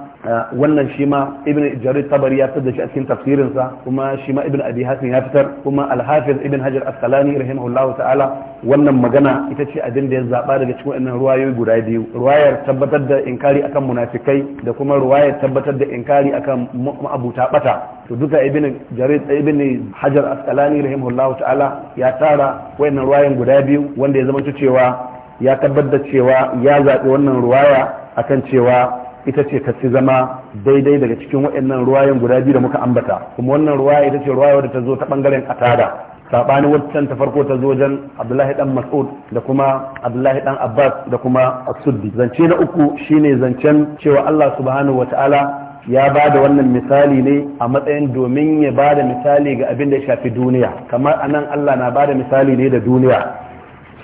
A: wannan shi ma ibn jarir tabari ya fitar da shi a cikin tafsirinsa kuma shi ma ibn abi hasan ya fitar kuma al-hafiz ibn hajar asqalani rahimahullahu ta'ala wannan magana ita ce abin da ya zaba daga cikin wannan ruwayoyi guda biyu ruwayar tabbatar da inkari akan munafikai da kuma ruwayar tabbatar da inkari akan ma'abuta bata to duka ibn jarir ibn hajar asqalani rahimahullahu ta'ala ya tara wannan ruwayan guda biyu wanda ya zama cewa ya tabbatar cewa ya zabi wannan ruwaya akan cewa ita ce ta fi zama daidai daga cikin waɗannan ruwayen guda biyu da muka ambata kuma wannan ruwaya ita ce ruwaya wadda ta zo ta bangaren atada saɓani waccan ta farko ta zo wajen abdullahi dan mas'ud da kuma abdullahi dan abbas da kuma asuddi zance na uku shine zancen cewa allah subhanahu wataala ya ba da wannan misali ne a matsayin domin ya ba da misali ga abin da ya shafi duniya kamar anan allah na bada misali ne da duniya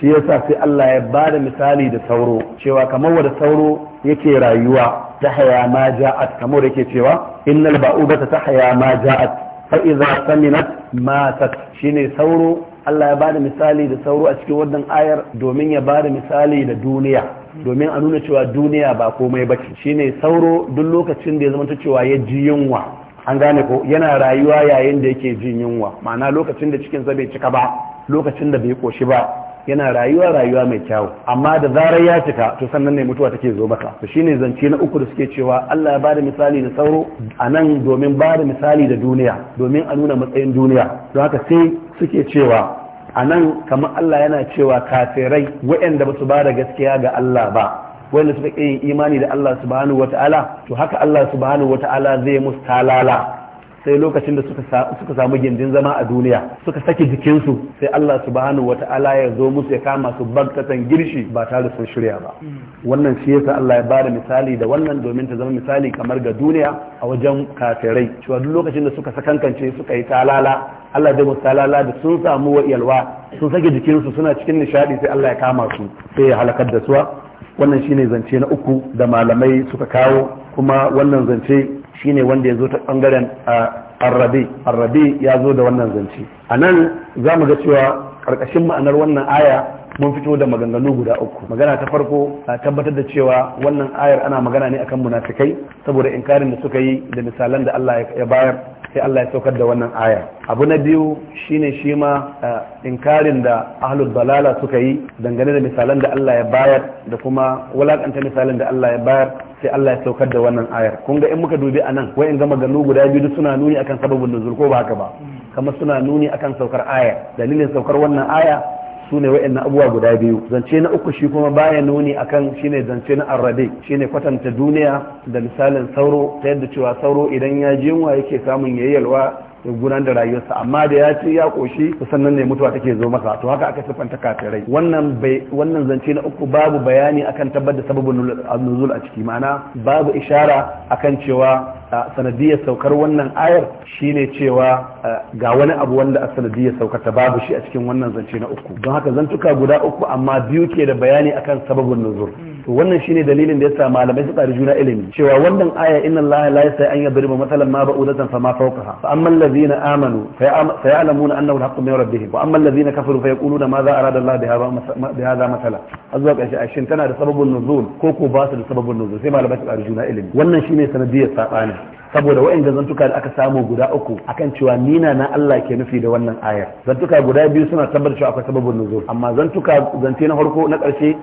A: shi yasa sai allah ya ba da misali da sauro cewa kamar wanda sauro yake rayuwa تحيا ما جاءت kamar yake cewa innal ba'udata تحيا ما جاءت فاذا idza saminat matat shine sauro Allah ya bada misali da sauro a cikin wannan ayar domin ya bada misali da duniya domin a nuna cewa duniya ba komai ba shine sauro duk lokacin da ya zama ta cewa ya ji yunwa an gane ko yana rayuwa yayin da yake jin yunwa ma'ana lokacin da cikinsa bai cika ba lokacin da bai koshi ba yana rayuwa rayuwa mai kyau amma da zarar ya cika to sannan ne mutuwa take zo maka to shine zance na uku da suke cewa Allah ya bada misali da sauro a nan domin bada misali da duniya domin a nuna matsayin duniya don haka sai suke cewa anan kamar Allah yana cewa kafirai waɗanda ba su ba da gaskiya ga Allah ba wanda suka yin imani da Allah subhanahu wata'ala to haka Allah subhanahu wata'ala zai musu talala sai lokacin da suka samu gindin zama a duniya suka sake jikinsu sai Allah subhanahu wata'ala ya zo musu ya kama su bagtatan girshi ba tare sun shirya ba wannan shi yasa Allah ya bada misali da wannan domin ta zama misali kamar ga duniya a wajen kafirai cewa duk lokacin da suka sakankance suka yi talala Allah da talala da sun samu wa yalwa sun sake jikinsu suna cikin nishadi sai Allah ya kama su sai ya halakar da su wannan shine zance na uku da malamai suka kawo kuma wannan zance shine wanda ya zo ta bangaren arrabi arrabi ya zo da wannan zance a nan za mu ga cewa ƙarƙashin ma'anar wannan aya mun fito da maganganu guda uku magana ta farko a tabbatar da cewa wannan ayar ana magana ne akan munafikai saboda inkarin da suka yi da misalan da Allah ya bayar sai Allah ya saukar da wannan aya abu na biyu shine shi ma inkarin da ahlul balala suka yi dangane da misalan da Allah ya bayar da kuma walakanta misalan da Allah ya bayar sai Allah ya saukar da wannan ayar kun ga in muka dubi anan in ga maganganu guda biyu suna nuni akan sababin nuzul ko ba haka ba kamar suna nuni akan saukar aya dalilin saukar wannan aya su ne wa'annan abubuwa guda biyu zance na uku shi kuma baya nuni akan shine zance na Shi shine kwatanta duniya da misalin sauro ta yadda cewa sauro idan ya jinwa yake samun yayyalwa ya gudanar da rayuwarsa amma da ya ce ya koshi sannan ne mutuwa take zo masa to haka aka siffanta kafirai wannan bai wannan zance na uku babu bayani akan tabbatar da sababin nuzul a ciki ma'ana babu ishara akan cewa sanadiyar saukar wannan ayar shine cewa ga wani abu wanda a sanadiyar saukar ta babu shi a cikin wannan zance na uku don haka zantuka guda uku amma biyu ke da bayani akan sababin nuzul to wannan shine dalilin da yasa malamai suka da juna ilimi cewa wannan aya inna allaha la yasa an yadriba masalan ma ba'udatan fama fawqaha fa amma alladhina amanu fayalamuna annahu alhaqqu min rabbihim wa amma alladhina kafaru fayaquluna ma za arada allah bi hadha masala azwa kashi ashin tana da sababun nuzul ko ko ba su da sababun nuzul sai malamai suka da juna ilimi wannan shine sanadiyar sabani saboda wa'in zantuka da aka samu guda uku akan cewa nina na Allah ke nufi da wannan ayar zantuka guda biyu suna tabbata cewa akwai sababin nuzul amma zantuka zance na farko na ƙarshe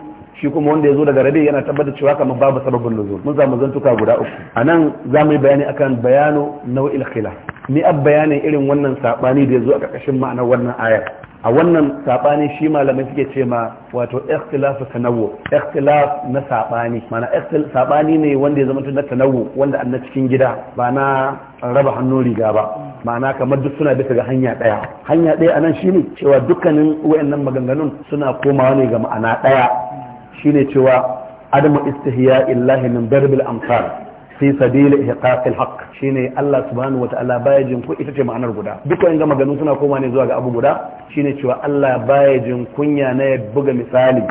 A: shi kuma wanda ya zo daga rabe yana tabbatar cewa kamar babu sababin nuzul mun zamu zantuka guda uku anan za mu yi bayani akan bayano nau'il khilaf ni ab bayanin irin wannan sabani da ya zo a ƙarƙashin ma'anar wannan ayar a wannan sabani shi malamai suke ce ma wato ikhtilafu tanawu ikhtilaf na sabani mana sabani ne wanda ya zama na tanawu wanda an na cikin gida ba na raba hannu riga ba ma'ana kamar duk suna bisa ga hanya daya hanya daya anan shine cewa dukkanin wayannan maganganun suna komawa ne ga ma'ana daya shine cewa adamu istihya illahi min darbil amsal fi sabili ihqaqil haqq shine Allah subhanahu wataala baya jin ku ita ce ma'anar guda duk wani maganganu suna koma ne zuwa ga abu guda shine cewa Allah baya jin kunya na ya buga misali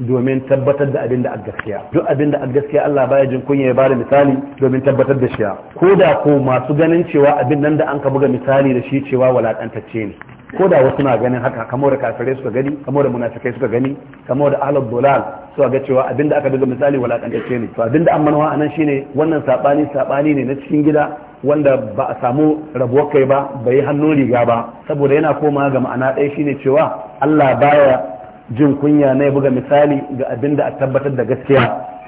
A: domin tabbatar da abin da a gaskiya duk abin da a gaskiya Allah baya jin kunya ya bada misali domin tabbatar da shi ko da ko masu ganin cewa abin nan da an ka buga misali da shi cewa walakantacce ne ko da wasu na ganin haka kamar da kafirai suka gani kamar da munafikai suka gani kamar da ahlul dolal suka ga cewa abinda aka buga misali walakantacce ne to abinda an manawa anan shine wannan sabani sabani ne na cikin gida wanda ba a samu rabuwar kai ba bai hannu riga ba saboda yana koma ga ma'ana ɗaya shine cewa Allah baya jin kunya na ya buga misali ga abin da a tabbatar da gaskiya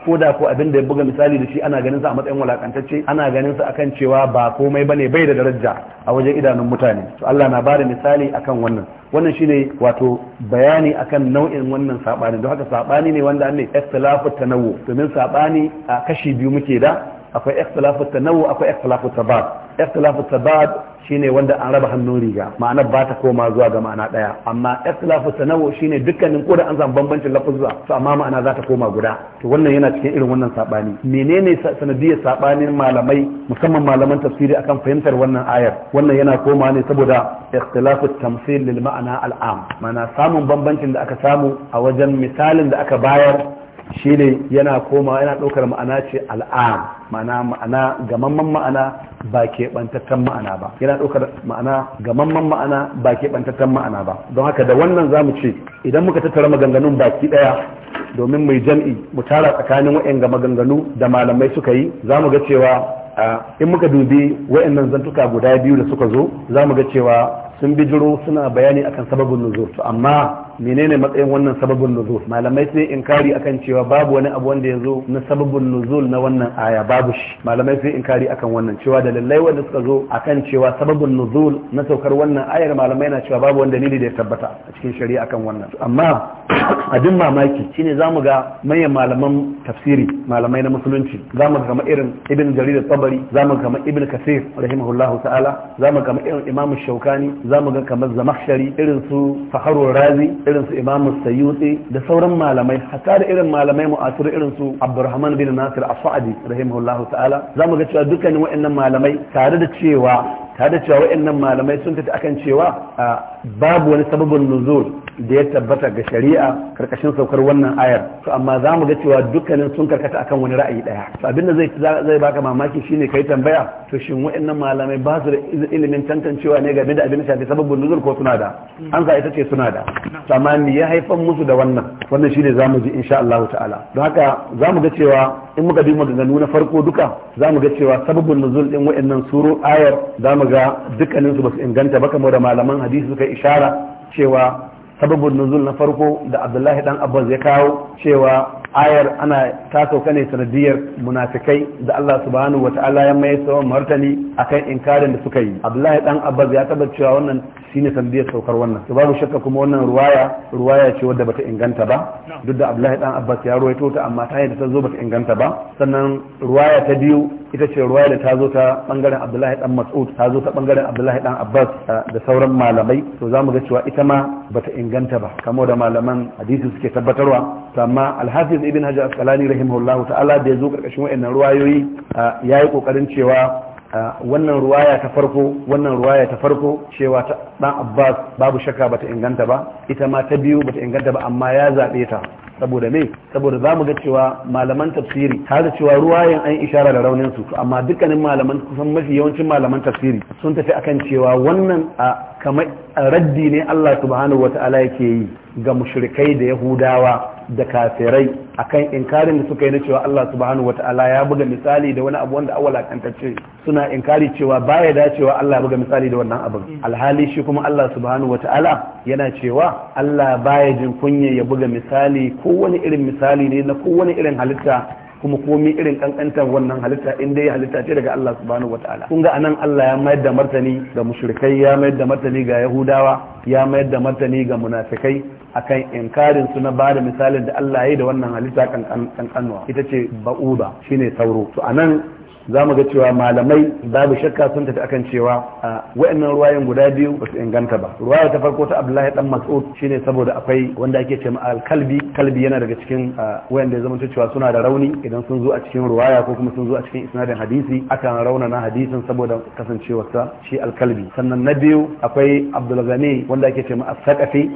A: ko da ko abin da ya buga misali da shi ana ganin sa a matsayin walakantacce ana ganin sa akan cewa ba komai bane bai da daraja a wajen idanun mutane to Allah na bada misali akan wannan wannan shine wato bayani akan nau'in wannan sabani don haka sabani ne wanda an ne ikhtilafu tanawu domin sabani a kashi biyu muke da akwai ikhtilafu tanawu akwai ikhtilafu tabad ikhtilafu tabad shine wanda an raba hannun riga ma'ana ba ta koma zuwa ga ma'ana daya amma ikhtilafu tanawu shine dukkanin ko da an zan bambancin lafuzza to amma ma'ana za ta koma guda to wannan yana cikin irin wannan sabani menene sanadiyar sabanin malamai musamman malaman tafsiri akan fahimtar wannan ayar wannan yana koma ne saboda ikhtilafu tamthil lil ma'ana al'am ma'ana samun bambancin da aka samu a wajen misalin da aka bayar Shi ne yana koma yana ɗaukar ma'ana ce al'am ma'ana ma'ana gamamman ma'ana ba keɓantattan ma'ana ba yana ɗaukar ma'ana gamamman ma'ana ba keɓantattan ma'ana ba don haka da wannan za mu ce idan muka tattara maganganun baki ɗaya domin mai jam'i mu tara tsakanin ga maganganu da malamai suka yi za mu ga cewa in muka dubi wa'annan zantuka guda biyu da suka zo za mu ga cewa sun bijiro suna bayani akan sababin nuzul amma menene matsayin wannan sababin nuzul malamai sun inkari akan cewa babu wani abu wanda ya zo na sababin nuzul na wannan aya babu shi malamai sun inkari akan wannan cewa da lallai wanda suka zo akan cewa sababin nuzul na saukar wannan ayar malamai na cewa babu wanda dalili da ya tabbata a cikin shari'a akan wannan amma abin mamaki shine zamu ga manyan malaman tafsiri malamai na musulunci zamu ga kamar irin ibn jarir tabari zamu ga kamar ibn kasir rahimahullahu ta'ala zamu ga kamar irin imam shaukani zamu ga kamar zamakhshari irin su faharur razi irin su imamu sayuti da sauran malamai hatta da irin malamai mu'asir irin su abdurrahman bin nasir as-sa'di rahimahullahu ta'ala zamu ga cewa dukkanin wa'annan malamai tare da cewa ta da cewa wa'annan malamai sun tafi akan cewa a babu wani sababin nuzul da ya tabbata ga shari'a karkashin saukar wannan ayar to amma za mu ga cewa dukkanin sun karkata akan wani ra'ayi daya to abinda zai zai baka mamaki shine kai tambaya to shin wa'annan malamai ba su da ilimin tantancewa ne game da abin da shafi sababin nuzul ko suna da an za ita ce suna da to amma ya haifan musu da wannan wannan shine za mu ji insha allahu ta'ala don haka za mu ga cewa in muka bi maganganu na farko duka za mu ga cewa sababin nuzul din wa'annan suro ayar za mu ga dukkaninsu ba su inganta ba kamar da malaman hadisi suka ishara cewa sababin nuzul na farko da abdullahi dan abbas ya kawo cewa ayar ana ta sauka ne sanadiyar munafikai da Allah subhanahu wa ta'ala ya mai sawan martani akan inkarin da suka yi Abdullahi dan Abbas ya tabbata cewa wannan shine sanadiyar saukar wannan to babu shakka kuma wannan ruwaya ruwaya ce wadda bata inganta ba duk da Abdullahi dan Abbas ya ruwaito ta amma ta yadda ta zo bata inganta ba sannan ruwaya ta biyu ita ce ruwaya da ta zo ta bangaren Abdullahi dan Mas'ud ta zo ta bangaren Abdullahi dan Abbas eh, da sauran malamai to zamu ga cewa ita ma bata inganta ba kamar da malaman hadisi suke tabbatarwa amma alhafiz da ibn hajar asqalani rahimahullah ta'ala da yazo karkashin wayannan ruwayoyi yayi kokarin cewa wannan ruwaya ta farko wannan ruwaya ta farko cewa ta dan abbas babu shakka bata inganta ba ita ma ta biyu bata inganta ba amma ya zabe ta saboda me saboda zamu ga cewa malaman tafsiri har cewa ruwayan an ishara da raunin su amma dukkanin malaman kusan mafi yawancin malaman tafsiri sun tafi akan cewa wannan a kamar raddi ne Allah subhanahu wata'ala yake yi ga mushrikai da yahudawa da kafirai akan inkarin da suka yi na cewa Allah subhanahu wata'ala ya buga misali da wani abu wanda awala kantacce suna inkari cewa baya dacewa Allah ya buga misali da wannan abin mm. alhali shi kuma Allah subhanahu wata'ala yana cewa Allah baya jin kunya ya buga misali ko wani irin misali ne na ko wani irin halitta kuma komai irin kankantar wannan halitta in dai halitta ce daga Allah subhanahu wataala kun ga anan Allah ya mayar da martani ga mushrikai ya mayar da martani ga yahudawa ya mayar da martani ga munafikai akan inkarin su na ba da misalin da Allah ya yi da wannan halitta kankanuwa ita ce ba'uba shine sauro to anan za mu ga cewa malamai babu shakka sun tafi akan cewa a wa'annan ruwayan guda biyu ba su inganta ba ruwaya ta farko ta abdullahi dan mas'ud shine saboda akwai wanda ake cewa al kalbi kalbi yana daga cikin da ya zama cewa suna da rauni idan sun zo a cikin ruwaya ko kuma sun zo a cikin isnadin hadisi akan rauna na hadisin saboda kasancewarsa shi al-kalbi sannan na biyu akwai abdul wanda ake cewa as saqafi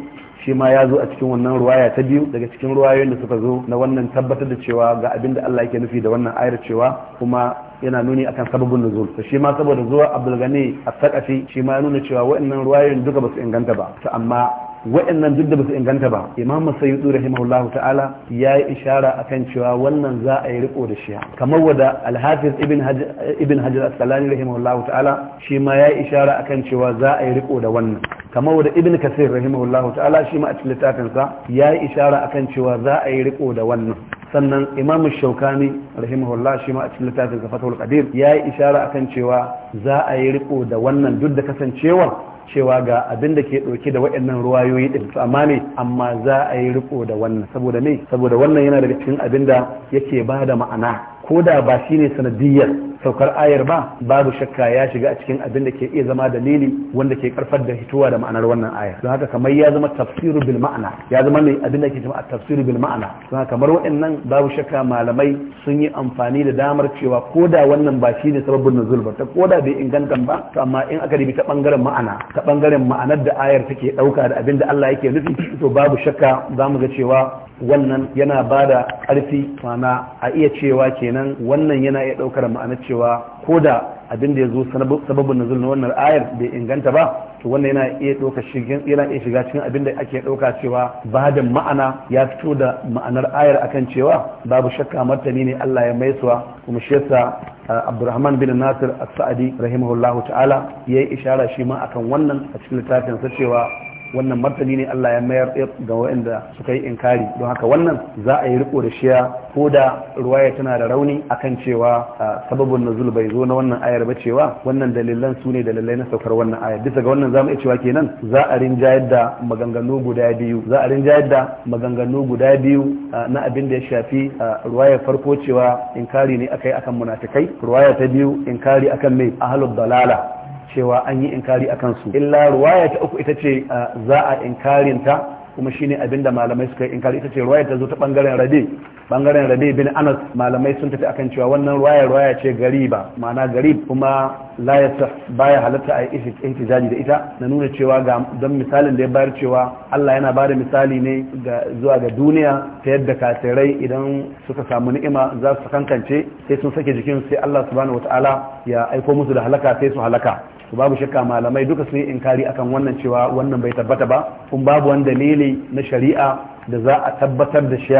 A: shi ma ya zo a cikin wannan ruwaya ta biyu daga cikin ruwayoyin da suka zo na wannan tabbatar da cewa ga abin da Allah yake nufi da wannan ayar cewa kuma yana nuni akan sababin nuzul to shi ma saboda zuwa Abdul Ghani as sakafi shi ma ya nuna cewa waɗannan ruwayoyin duka basu inganta ba to amma waɗannan duk da ba inganta ba Imam Sayyidu rahimahullah ta'ala ya yi ishara akan cewa wannan za a yi riko da shi kamar wada Al-Hafiz Ibn Hajar Ibn Hajar Asqalani rahimahullah ta'ala shi ma ya yi ishara akan cewa za a yi riko da wannan kamar wada Ibn Kasir rahimahullah ta'ala shi ma a cikin littafinsa ya yi ishara akan cewa za a yi riko da wannan sannan imam shaukani rahimahullah shi ma a cikin littafin sa fatul qadir ya yi ishara akan cewa za a yi riko da wannan duk da kasancewar cewa ga abin da ke dauke da waɗannan ruwayoyi din to amma ne amma za a yi riko da wannan saboda me saboda wannan yana daga cikin abin da yake bada ma'ana ko da ba shine sanadiyar? saukar ayar ba babu shakka ya shiga a cikin abin da ke iya zama dalili wanda ke karfar da hitowa da ma'anar wannan aya don haka kamar ya zama tafsiru bil ma'ana ya zama ne abin da ke cewa tafsiru bil ma'ana don haka kamar waɗannan babu shakka malamai sun yi amfani da damar cewa koda wannan ba shi ne sababin nuzul ba ta koda bai inganta ba to amma in aka dibi ta bangaren ma'ana ta bangaren ma'anar da ayar take dauka da abin da Allah yake nufi to babu shakka zamu ga cewa wannan yana ba da ƙarfi mana a iya cewa kenan wannan yana iya ɗaukar ma'ana cewa ko da abin da ya zo sababin na na wannan ayar bai inganta ba to wannan yana iya ɗauka yana iya shiga cikin abin da ake ɗauka cewa ba da ma'ana ya fito da ma'anar ayar akan cewa babu shakka martani ne Allah ya maisuwa kuma shi yasa Abdurrahman bin Nasir As-Sa'di rahimahullahu ta'ala yayi ishara shi ma akan wannan a cikin littafin sa cewa wannan martani ne Allah ya mayar ga waɗanda suka yi inkari don haka wannan za a yi riko da shiya ko da ruwaya tana da rauni akan cewa sababin nuzul bai zo na wannan ayar ba cewa wannan dalilan su ne dalilai na saukar wannan ayar bisa ga wannan zamu iya cewa kenan za a rinjayar da maganganu guda biyu za a rinjayar da maganganu guda biyu na abin da ya shafi ruwaya farko cewa inkari ne akai akan munafikai ruwaya ta biyu inkari akan mai ahlul dalala cewa an yi inkari a su illa ruwaya ta uku ita ce uh, za a inkarinta kuma shine abinda malamai suka yi inkari ita ce ruwaya ta zo ta bangaren rabe bangaren rabe bin anas malamai sun tafi akan cewa wannan ruwaya ruwaya ce gariba ma'ana garib kuma la ba baya halatta a yi ihtijaji da ita na nuna cewa ga don misalin da ya bayar cewa Allah yana bada misali ne ga zuwa ga duniya ta yadda kafirai idan suka samu ni'ima za su kankance sai sun sake jikin sai Allah subhanahu wataala ya aiko musu da halaka sai su halaka to babu shakka malamai duka su yi inkari akan wannan cewa wannan bai tabbata ba kun babu wani dalili na shari'a da za a tabbatar da shi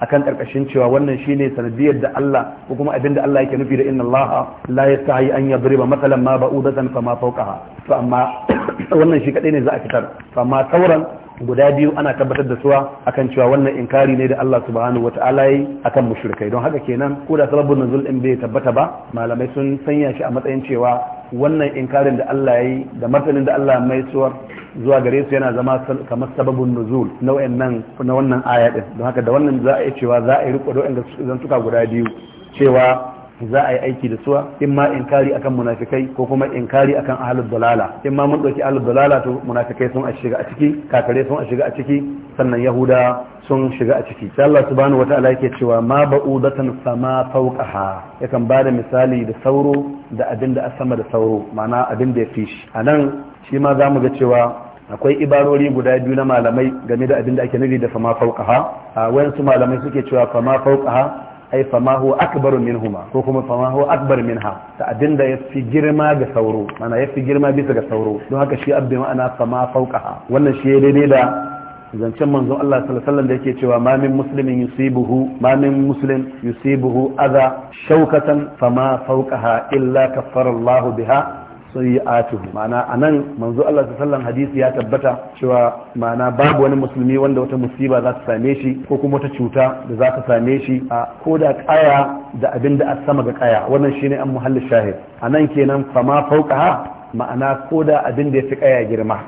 A: akan karkashin cewa wannan shine sanadiyar da Allah ko kuma abin da Allah yake nufi da inna Allah la yastahi an yadriba mathalan ma ba'udatan ma fawqaha to amma wannan shi kadai ne za a fitar to amma sauran guda biyu ana tabbatar da suwa akan cewa wannan inkari ne da Allah subhanahu wata'ala yi akan mushrikai don haka kenan ko da sababin nuzul din bai tabbata ba malamai sun sanya shi a matsayin cewa wannan inkarin da Allah ya yi da martanin da Allah mai suwar zuwa gare su yana zama kamar sababin nuzul na wannan na wannan aya din don haka da wannan za a yi cewa za a yi riko da wanda zan suka guda biyu cewa za a yi aiki da suwa in ma in kari akan munafikai ko kuma in kari akan ahlul dalala in ma mun dauki ahlul dalala to munafikai sun a shiga a ciki kakare sun a shiga a ciki sannan yahuda sun shiga a ciki sai Allah subhanahu wataala yake cewa ma ba'udatan sama fawqaha yakan bada misali da sauro da abin da a sama da sauro ma'ana abin da ya fishi. anan shi ma zamu ga cewa akwai ibarori guda biyu na malamai game da abin da ake nufi da fama fawqaha a wayansu malamai suke cewa fama fawqaha ai fama huwa akbaru minhuma ko kuma fama huwa akbar minha ta abinda ya fi girma ga sauro mana ya fi girma bisa ga sauro don haka shi abin ma'ana fama fauqaha wannan shi daidai da zancen manzon Allah sallallahu alaihi da yake cewa ma min muslimin yusibuhu ma min muslim yusibuhu adha shaukatan, fama fawqaha illa kaffara Allah biha sayyi'atu ma'ana anan manzo Allah sallallahu hadisi ya tabbata cewa ma'ana babu wani musulmi wanda wata musiba za ta same shi ko kuma wata cuta da za ta same shi a ko da kaya da abin da sama ga kaya wannan shine an muhallin shahid anan kenan fama fauqaha ma'ana ko da abin da ya fi kaya girma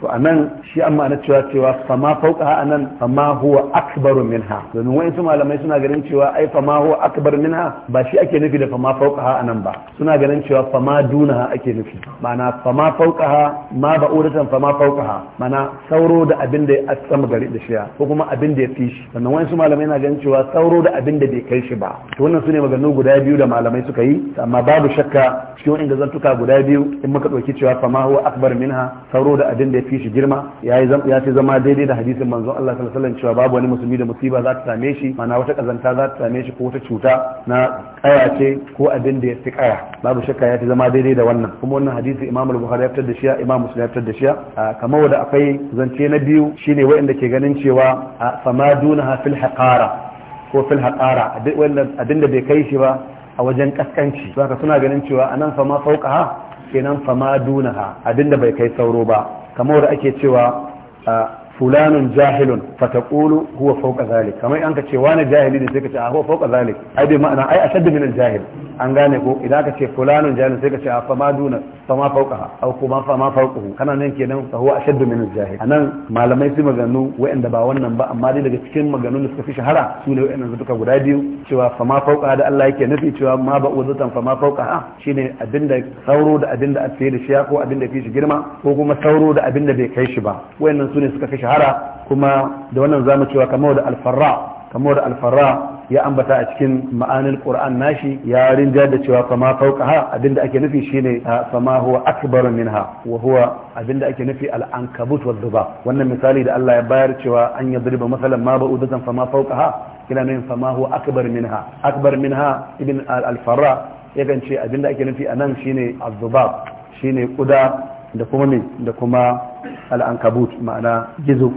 A: to a nan shi an ma'ana cewa cewa fama fauka a nan fama huwa akbaru ha, domin su malamai suna ganin cewa ai fama huwa akbar ha ba shi ake nufi da fama fauka a nan ba suna ganin cewa fama duna ake nufi ma'ana fama fauka ma ba uratan fama fauka ha mana sauro da abin da ya sama gari da shiya ko kuma abin da ya fi shi sannan su malamai na ganin cewa sauro da abin da bai kai shi ba to wannan su ne maganganu guda biyu da malamai suka yi amma babu shakka cikin zan zantuka guda biyu in muka ɗauki cewa fama huwa akbar ha sauro da abin da ya fi shi girma ya ce zama daidai da hadisin manzon Allah sallallahu alaihi cewa babu wani musulmi da musiba za ta same shi mana wata kazanta za ta same shi ko wata cuta na kaya ce ko abin da ya fi kaya babu shakka ya ce zama daidai da wannan kuma wannan hadisi Imam Bukhari ya fitar da shi Imam Muslim ya fitar da shi kamar wanda akwai zance na biyu shine wayanda ke ganin cewa famadunaha fil haqara ko fil haqara abin da bai kai shi ba a wajen kaskanci saka suna ganin cewa anan fama fauqaha kenan fama dunaha abinda bai kai sauro ba kamar da ake cewa a fulanun jahilun fatakulu huwa fawqa zalik kamar an ka ce wani jahili ne sai ka ce a ah, huwa fawqa zalik ai bai ma'ana ai a min al-jahil an gane ko idan ka ce fulanun jahil sai ka ce a fama duna fama fauka au kuma fama fauku kana nan kenan fa huwa ashaddu min al-jahil anan malamai su maganu wa'anda ba wannan ba amma dai daga cikin maganun da suka fi shahara su ne wa'annan duka guda biyu cewa fama fauka da Allah yake nufi cewa ma ba uzatan fama fauka shine abinda sauro da abinda a tsaye da shi ko abinda fi shi girma ko kuma sauro da abinda bai kai shi ba wa'annan su ne suka fi shahara kuma da wannan zamu cewa kamar da al kamar alfarra ya ambata a cikin ma'anin qur'an nashi ya rinja da cewa fama ha abinda ake nufi shine fama huwa akbar minha wa huwa abinda ake nufi al-ankabut wa dhuba wannan misali da Allah ya bayar cewa an yadriba masalan ma ba'udatan fama ha kina nan fama huwa akbar minha akbar minha ibn al-farra yakan ce abinda ake nufi anan shine az shine kuda da kuma ne da kuma al'ankabut ma'ana gizo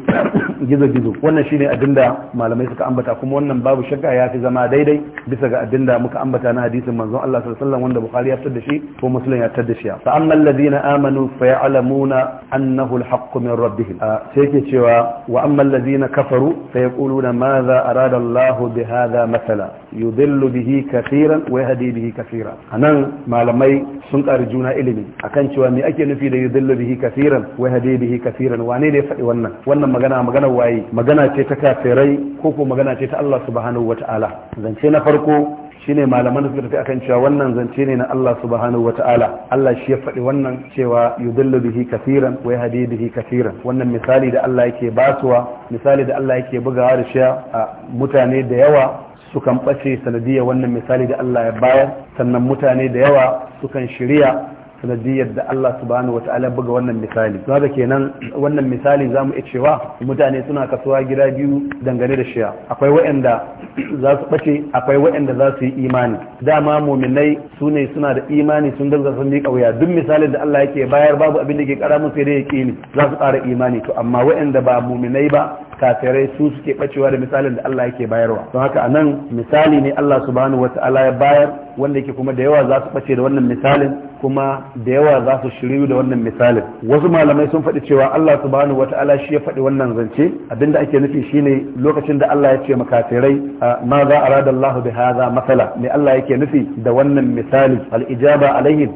A: gizo wannan shine abinda malamai suka ambata kuma wannan babu shakka ya fi zama daidai bisa ga abinda muka ambata na hadisin manzon Allah sallallahu alaihi wasallam wanda Bukhari ya shi ko Muslim ya fitar da shi fa amma ladina amanu fa ya'lamuna annahu al-haqqu min rabbihim ah, sai yake cewa wa amma ladina kafaru fa yaquluna madha arada Allah bi hadha mathala yudillu bihi kaseeran wa yahdi bihi kaseeran anan malamai sun ƙari juna ilimi akan cewa me ake nufi da yudillu bihi kaseeran wa yahdi yu'addi bihi wane ne ya faɗi wannan wannan magana magana waye magana ce ta kafirai ko ko magana ce ta Allah subhanahu wata'ala zance na farko shine malaman da suka tafi akan cewa wannan zance ne na Allah subhanahu wata'ala Allah shi ya faɗi wannan cewa yudallu bihi kasiran wa yahdi bihi kasiran wannan misali da Allah yake basuwa misali da Allah yake bugawa da shi a mutane da yawa sukan ɓace sanadiyar wannan misali da Allah ya bayar sannan mutane da yawa sukan shirya sanadiyar da Allah subhanahu wata'ala buga wannan misali za da kenan wannan misali zamu mu cewa mutane suna kasuwa gida biyu dangane da shiya akwai waɗanda za su ɓace akwai waɗanda za su yi imani dama muminai su ne suna da imani sun dinga sun miƙa wuya duk misalin da Allah yake bayar babu abin da ke kara musu sai dai kini za su ƙara imani to amma waɗanda ba muminai ba kafirai su suke bacewa da misalin da Allah yake bayarwa don haka anan misali ne Allah subhanahu wata'ala ya bayar wanda yake kuma da yawa za su bace da wannan misalin kuma da yawa za su shiryu da wannan misalin wasu malamai sun faɗi cewa Allah subhanahu wata'ala shi ya faɗi wannan zance abinda ake nufi shine lokacin da Allah ya ce makafirai ma za a arada Allah bi hadha masala me Allah yake nufi da wannan misali al ijaba alaihi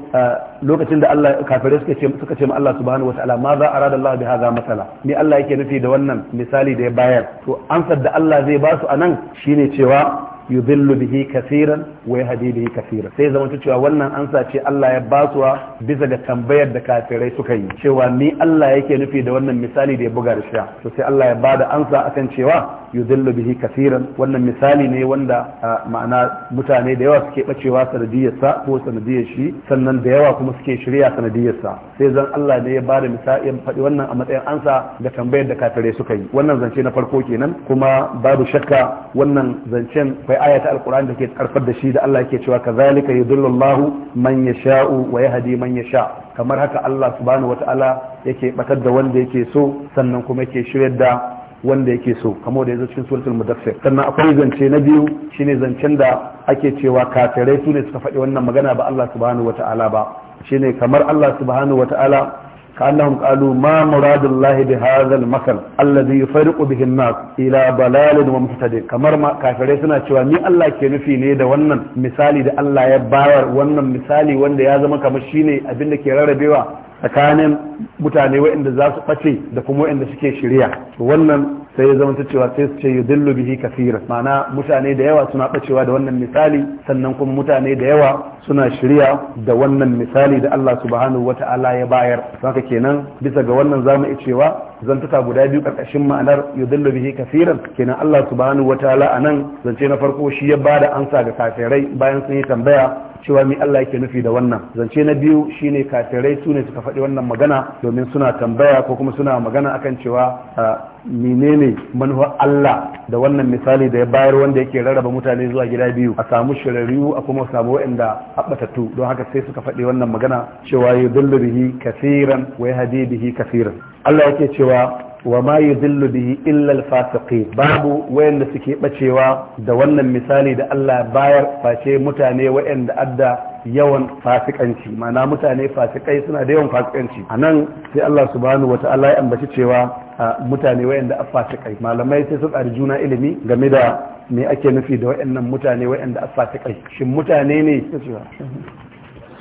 A: lokacin da Allah kafirai suka ce suka ce ma Allah subhanahu wata'ala ma za a arada Allah bi hadha masala me Allah yake nufi da wannan misali da ya bayar to ansar da Allah zai ba su anan shine cewa yudhillu bihi kaseeran wa yahdi bihi kaseeran sai zaman cewa wannan ansa ce Allah ya basuwa bisa ga tambayar da kafirai suka yi cewa ni Allah yake nufi da wannan misali da ya buga da shi to sai Allah ya bada ansa akan cewa yudhillu bihi kaseeran wannan misali ne wanda ma'ana mutane da yawa suke bacewa sanadiyar sa ko sanadiyar shi sannan da yawa kuma suke shirya sanadiyar sa sai zan Allah ne ya bada misali ya faɗi wannan a matsayin ansa da tambayar da kafirai suka yi wannan zance na farko kenan kuma babu shakka wannan zancen akwai ayata alkur'ani da ke karfar da shi da Allah ke cewa kazalika yudullu Allah man yasha'u wa yahdi man yasha kamar haka Allah subhanahu wata'ala yake batar da wanda yake so sannan kuma yake shiryar da wanda yake so kamar da yazo cikin suratul mudaffir sannan akwai zance na biyu shine zancen da ake cewa kafirai su ne suka faɗi wannan magana ba Allah subhanahu wata'ala ba shine kamar Allah subhanahu wata'ala كأنهم قالوا ما مراد الله بهذا المثل الذي يفرق به الناس إلى ضلال ومحتد كمر ما كافرين cewa ni Allah ke nufi ne da wannan misali da Allah ya bayar wannan misali wanda ya zama kamar shine abin da ke rarrabewa tsakanin mutane waɗanda za su ɓace da kuma waɗanda suke shirya wannan sai ya zama cewa sai su ce dillu bihi kathira ma'ana mutane da yawa suna bacewa da wannan misali sannan kuma mutane da yawa suna shirya da wannan misali da Allah subhanahu wata'ala ya bayar haka kenan bisa ga wannan zamu iya cewa zantuka guda biyu karkashin ma'anar yudillu bihi kafiran kenan Allah subhanahu a nan zance na farko shi ya bada ansa ga kafirai bayan sun yi tambaya cewa mi Allah yake nufi da wannan zance na biyu shine kafirai su ne suka faɗi wannan magana domin suna tambaya ko kuma suna magana akan cewa menene manufar Allah da wannan misali da ya bayar wanda yake rarraba mutane zuwa gida biyu a samu shirariyu a kuma samu waɗanda abbatatu don haka sai suka faɗi wannan magana cewa ya bihi kaseeran wa yahdi bihi kaseeran Allah yake cewa wa ma yudillu bihi illa al fasiqi. babu wayanda suke bacewa da wannan misali da Allah bayar face mutane wayanda adda yawan fasikanci mana mutane fasikai suna da yawan fasikanci anan nan sai Allah subhanahu wata'ala ya ambaci cewa mutane wayanda fasikai malamai sai su ƙari juna ilimi game da me ake nufi da wayannan mutane wayanda fasikai shin mutane ne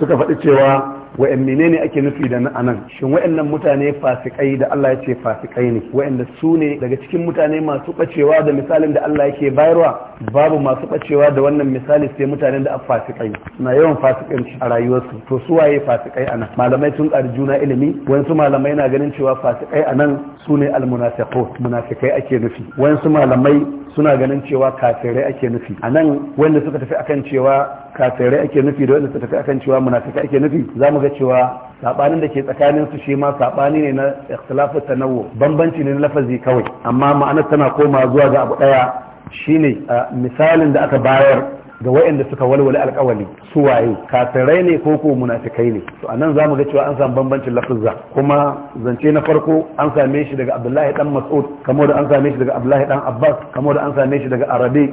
A: suka faɗi cewa wa'yan menene ake nufi da anan shin wa'annan mutane fasikai da Allah ya ce fasikai ne wa'anda su ne daga cikin mutane masu bacewa da misalin da Allah yake bayarwa babu masu bacewa da wannan misali sai mutanen da fasikai na yawan fasikanci a rayuwarsu to su waye fasikai anan malamai sun ƙari juna ilimi wasu malamai na ganin cewa fasikai anan su ne almunafiqun munafikai ake nufi wasu malamai suna ganin cewa kafirai ake nufi a nan wanda suka tafi akan cewa kafirai ake nufi da wanda suka tafi akan cewa munafika ake nufi za mu ga cewa sabanin da ke tsakanin su shi ma sabani ne na ikhtilafu tanawu bambanci ne na lafazi kawai amma ma'anar tana koma zuwa ga abu daya shine misalin da aka bayar ga waɗanda suka walwale alƙawali su waye kafirai ne ko ko munafikai ne to anan zamu ga cewa an samu bambancin lafuzza kuma zance na farko an same shi daga Abdullahi dan Mas'ud kamo da an same shi daga Abdullahi dan Abbas kamo da an same shi daga Arabi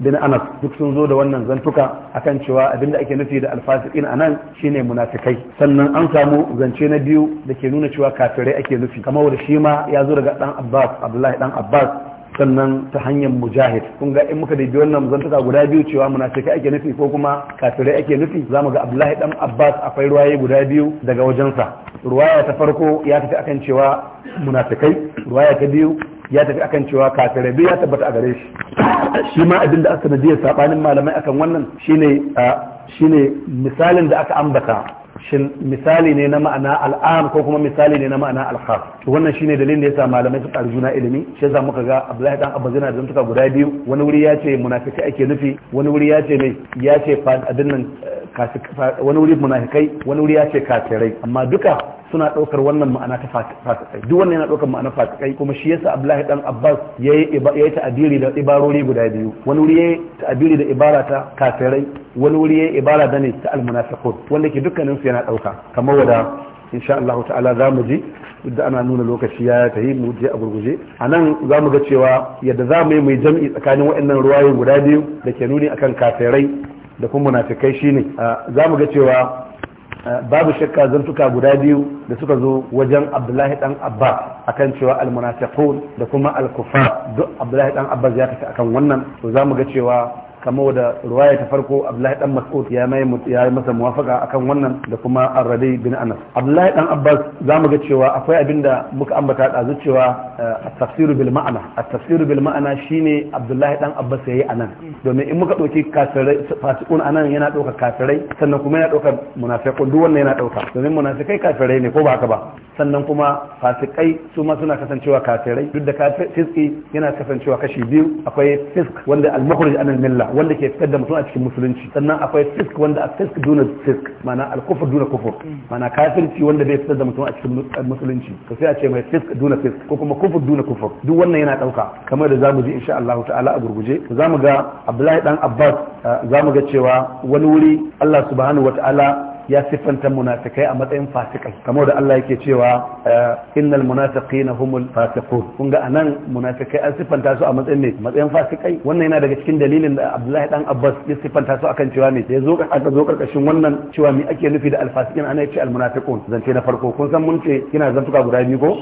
A: bin Anas duk sun zo da wannan zantuka akan cewa abinda ake nufi da alfasiqin anan shine munafikai sannan an samu zance na biyu da ke nuna cewa kafirai ake nufi kamo da shi ma ya zo daga dan Abbas Abdullahi dan Abbas sannan ta hanyar mujahid kun ga in muka daidai wannan zantuka guda biyu cewa munafikai ake nufi ko kuma kafirai ake nufi zamu ga abdullahi dan abbas akwai ruwaye guda biyu daga wajensa ruwaya ta farko ya tafi akan cewa munafikai ruwaya ta biyu ya tafi akan cewa kafirai biyu ya tabbata a gare shi shi ma abin da aka sanadiyar sabanin malamai akan wannan shine shine misalin da aka ambata shin misali ne na ma'ana al'am ko kuma misali ne na ma'ana al-khas wannan shine dalilin da yasa malamai suka juna ilimi shi yasa muka ga Abdullahi dan Abba zina da zantuka guda biyu wani wuri ya munafiki ake nufi wani wuri yace mai yace ce nan wani wuri munafikai wani wuri ya ce kafirai amma duka suna ɗaukar wannan ma'ana ta fasikai duk wannan yana ɗaukar ma'ana fasikai kuma shi yasa Abdullahi dan Abbas yayi yayi ta'abiri da ibarori guda biyu wani wuri yayi ta'abiri da ibara ta kafirai wani wuri yayi ibara da ne ta almunafiqun wanda ke dukkanin su yana ɗauka kamar wada insha Allah ta'ala za mu ji da ana nuna lokaci ya ta yi mu je a gurguje a nan za mu ga cewa yadda za mu yi mai jam'i tsakanin waɗannan ruwayoyi guda biyu da ke nuni akan kafirai da kuma munafikai shine za mu ga cewa babu shakka zantuka guda biyu da suka zo wajen abdullahi dan abba akan cewa al al-munafiqun da kuma al alkufar duk abdullahi dan abba ya tafi akan wannan to za mu ga cewa kamar da ruwaya ta farko abdullahi dan mas'ud ya mai ya masa muwafaka akan wannan da kuma arrabi bin anas abdullahi dan abbas zamu ga cewa akwai abinda muka ambata da cewa eh, at-tafsir bil ma'ana at-tafsir bil ma'ana shine abdullahi dan abbas yayi anan domin in muka dauki kafirai fasikun anan yana dauka kafirai sannan kuma yana dauka munafiqun duk wannan yana dauka domin munafikai kafirai ne ko ba haka ba sannan kuma fasikai su ma suna kasancewa kafirai duk da fiski yana kasancewa kashi biyu akwai fisk wanda al-mukhrij an milla wanda ke fitar da mutum a cikin musulunci sannan akwai fisk wanda a fisk duna fisk mana alkufur duna kufur mana kafirci wanda bai fitar da mutum a cikin musulunci to sai a ce mai fisk duna fisk ko kuma kufur duna kufur duk wannan yana dauka kamar da zamu ji insha Allah ta'ala a gurguje zamu ga Abdullahi dan Abbas zamu ga cewa wani wuri Allah subhanahu wa ya siffanta munafikai a matsayin fasikai kamar da Allah yake cewa eh, innal munafiqina humul fasiqun kun ga anan munafikai an siffanta su a matsayin ne matsayin fasikai wannan yana daga cikin dalilin da Abdullahi dan Abbas ya siffanta su akan cewa ne ya zo aka zo karkashin wannan cewa me ake nufi da alfasikin ana yace zan zance na farko kun san mun ce kina zantuka guda biyu ko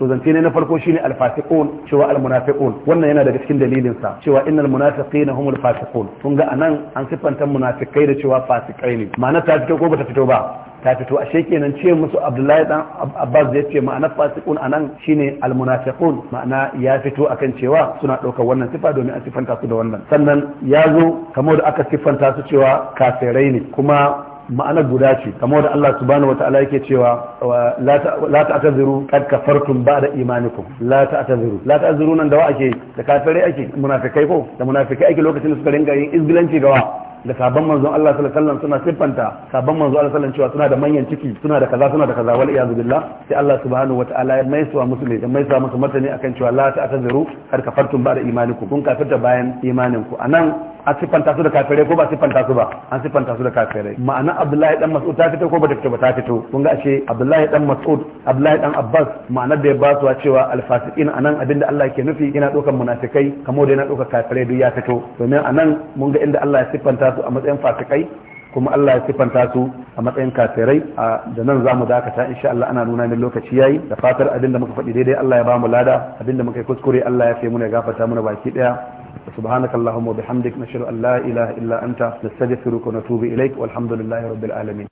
A: to zance ne na farko shine alfasiqun cewa almunafiqun wannan yana daga cikin dalilin sa cewa innal munafiqina humul fasiqun kun ga anan an sifanta munafikai da cewa fasikai ne ma'ana ta fito ko bata fito ba ta fito ashe kenan ce musu abdullahi dan abbas zai ce ma'ana fasiqun anan shine almunafiqun ma'ana ya fito akan cewa suna ɗaukar wannan sifa domin an siffanta su da wannan sannan ya zo kamar da aka siffanta su cewa kafirai ne kuma ma'anar guda ce kamar da Allah subhanahu wata'ala yake cewa la ta'taziru qad kafartum ba'da imanikum la ta'taziru la ta'taziru nan da wa ake da kafirai ake munafikai ko da munafikai ake lokacin da suka ringa yin izgilanci ga wa da sabon manzon Allah sallallahu alaihi wasallam suna siffanta sabon manzon Allah sallallahu alaihi wasallam cewa suna da manyan ciki suna da kaza suna da kaza wal iyazu billah sai Allah subhanahu wataala ya mai suwa musulmi ne ya mai suwa musu martani akan cewa la ta'taziru qad kafartum ba'da imanikum kun kafirta bayan imanin ku anan a siffanta su da kafirai ko ba siffanta su ba an siffanta su da kafirai ma'ana abdullahi dan mas'ud ta fito ko ba ta fito ba ta fito kun ga ashe abdullahi dan mas'ud abdullahi dan abbas ma'ana da ya ba su cewa alfasiqin anan abinda Allah ke nufi yana dokan munafikai kamar da yana dokan kafirai duk ya fito domin anan mun ga inda Allah ya siffanta su a matsayin fasikai kuma Allah ya siffanta su a matsayin kafirai a da nan zamu dakata insha Allah ana nuna min lokaci yayi da fatar abinda muka faɗi daidai Allah ya ba mu lada abinda muka yi kuskure Allah ya fi mu ya gafarta mu baki daya سبحانك اللهم وبحمدك نشهد أن لا إله إلا أنت نستغفرك ونتوب إليك والحمد لله رب العالمين